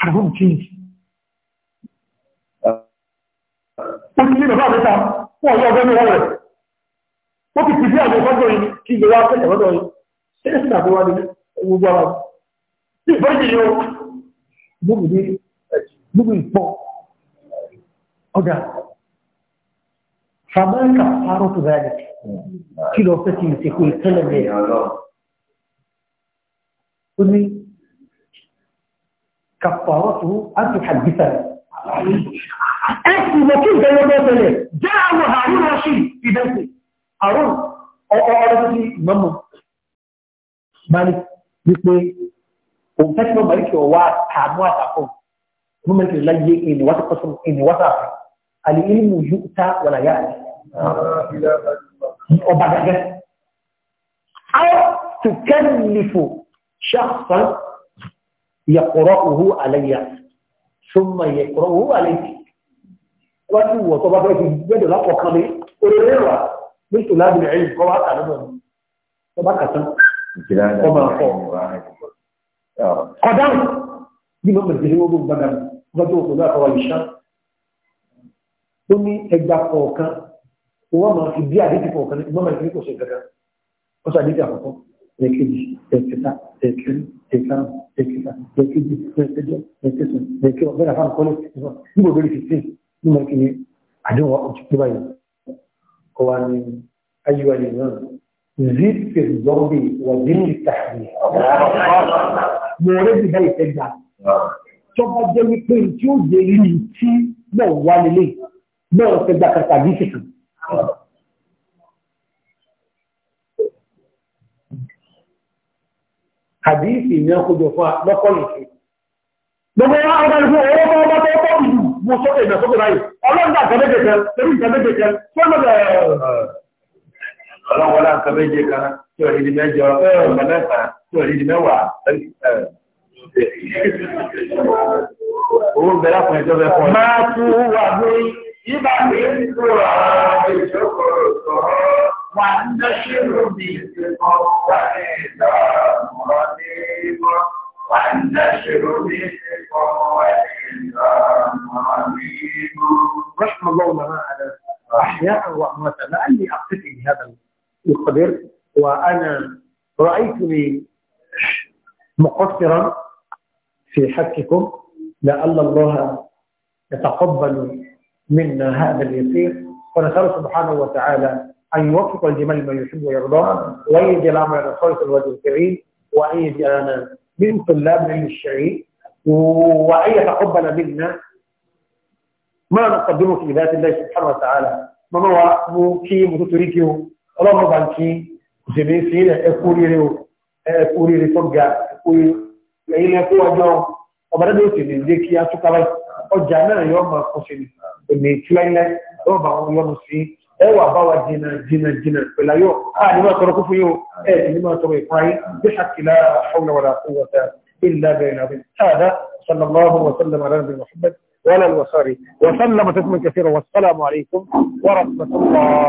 عرفهم آه. كيف لي gbógbé gbógbé ìpọ́ ọ̀dà fàmọ́ǹkà fáró tó rẹ̀ kí lọ fẹ́ kí n ṣe pé tẹ́lẹ̀ mẹ́ ó ní kàfàrọ́ tó áti àgbìsà ẹ̀sìn mọ̀ kí n tẹ́lẹ̀ mẹ́ tẹ́lẹ̀ jẹ́ àwọn àárín wọn sí ìdẹ́sẹ̀ àrùn ọ̀rọ̀ tó ti mọ́mọ́ bá ní wípé ومتاش ما مالك هو تعموا تقوم ما مالك لا يجي إن وتقسم إن وتقسم العلم يؤتى ولا يأتي وبعد ذلك أو تكلف شخصا يقرأه علي ثم يقرأه عليك wájú wọ̀ tó bá fẹ́ fi gbẹ́dọ̀ lápọ̀kan lé orílẹ̀-èdè mítò lábìlẹ̀ ẹ̀yìn kọ́ wá kà lọ́dọ̀ ní ọba kàtán ọmọ àkọ́ kọ̀dáhùn bí mo bẹ̀rẹ̀ sí gbogbo gbàgbà gbọ́dọ̀ òkú náà kọ́wọ́ ìṣá ó ní ẹgbà kọ̀ọ̀kan wọ́n máa fi bí àdéhùn kọ̀ọ̀kan wọ́n máa fi kò ṣe gàgà ó sọ àdéhùn àkọ́kọ́ ẹ̀kejì ẹ̀kẹta ẹ̀kẹrin ẹ̀kan ẹ̀kẹta ẹ̀kejì ẹ̀kẹjọ ẹ̀kẹsùn ẹ̀kẹwọ bẹ́ẹ̀ náà kọ́lé ìfọ̀ níbo bẹ́ẹ̀ fi sí ní mo kì í àdéhùn wa òtún tó báyìí kọ́ wa ní ayélujára náà zip fi zọ́ọ̀bì wà mo rẹ́ sì báyìí fẹ́ gbà. Tọ́ba jẹ́ wípé tí ó jẹ́ rí tí náà wá lélẹ̀ náà fẹ́ gbà kàkà bí ṣètò. Àdìsí ni ọkọ̀jọ̀ fún lọ́kọ̀lù sí. Gbogbo ẹ̀rọ àwọn ọmọ ẹ̀rọ ọmọ ọmọ tó tọ́ ìlú mo sọ́kè ìgbà sókè báyìí. Ọlọ́run dà kẹ́lẹ́kẹ̀kẹ́ lórí ìgbà kẹ́lẹ́kẹ̀kẹ́ ọlọ́wọ́ náà nǹkan méje kan tí ò rídi mẹ́jọ ọ̀nà mẹ́ta tí ò rídi mẹ́wàá. owó ń bẹ lápò ẹjọ́ bẹ fọ́. máa tún wà ní ibà mi ń tó àwọn ìjókòó sọ̀rọ̀ wà ní ṣírò mi ìṣèkọ́ wà ní ìdá mọ́ ní mọ́ wà ní ṣírò mi ìṣèkọ́ wà ní ìdá mọ́ ní mọ́. رحم الله لنا على أحياء وأمواتا لعلي أقتدي بهذا يقدر وأنا رأيتني مقصرا في حقكم لعل الله يتقبل منا هذا اليسير ونسأل سبحانه وتعالى أن يوفق الجمال ما يحب ويرضاه يجعل أمرنا خالص الوجه الكريم وأن يجعلنا من طلاب العلم الشرعي وأن يتقبل منا ما نقدمه في ذات الله سبحانه وتعالى ما هو مو كي ọlọ́run bá ń kí òṣèlú sí ilẹ̀ ẹkú rírẹ o ẹkú rírẹ tó ga ẹkú ẹ̀yìn ẹkú ọjọ́ ọba dáadáa òsì lè dé kí á tún kábàáyì ọjà náà yọ ọmọ òṣèlú èmi tí wọ́n bá wọn yọnu sí ẹ wà jìnnà jìnnà jìnnà pẹ̀lú ayọ̀ a ní máa tọrọ kó fún yín o ẹ ní máa tọrọ ìfún bí hakilá àwọn ọ̀rọ̀ àti wọ̀tá إلا بينهم هذا صلى الله وسلم على نبينا وعلى الوصاري وسلم تسليما كثيرا والسلام عليكم ورحمة الله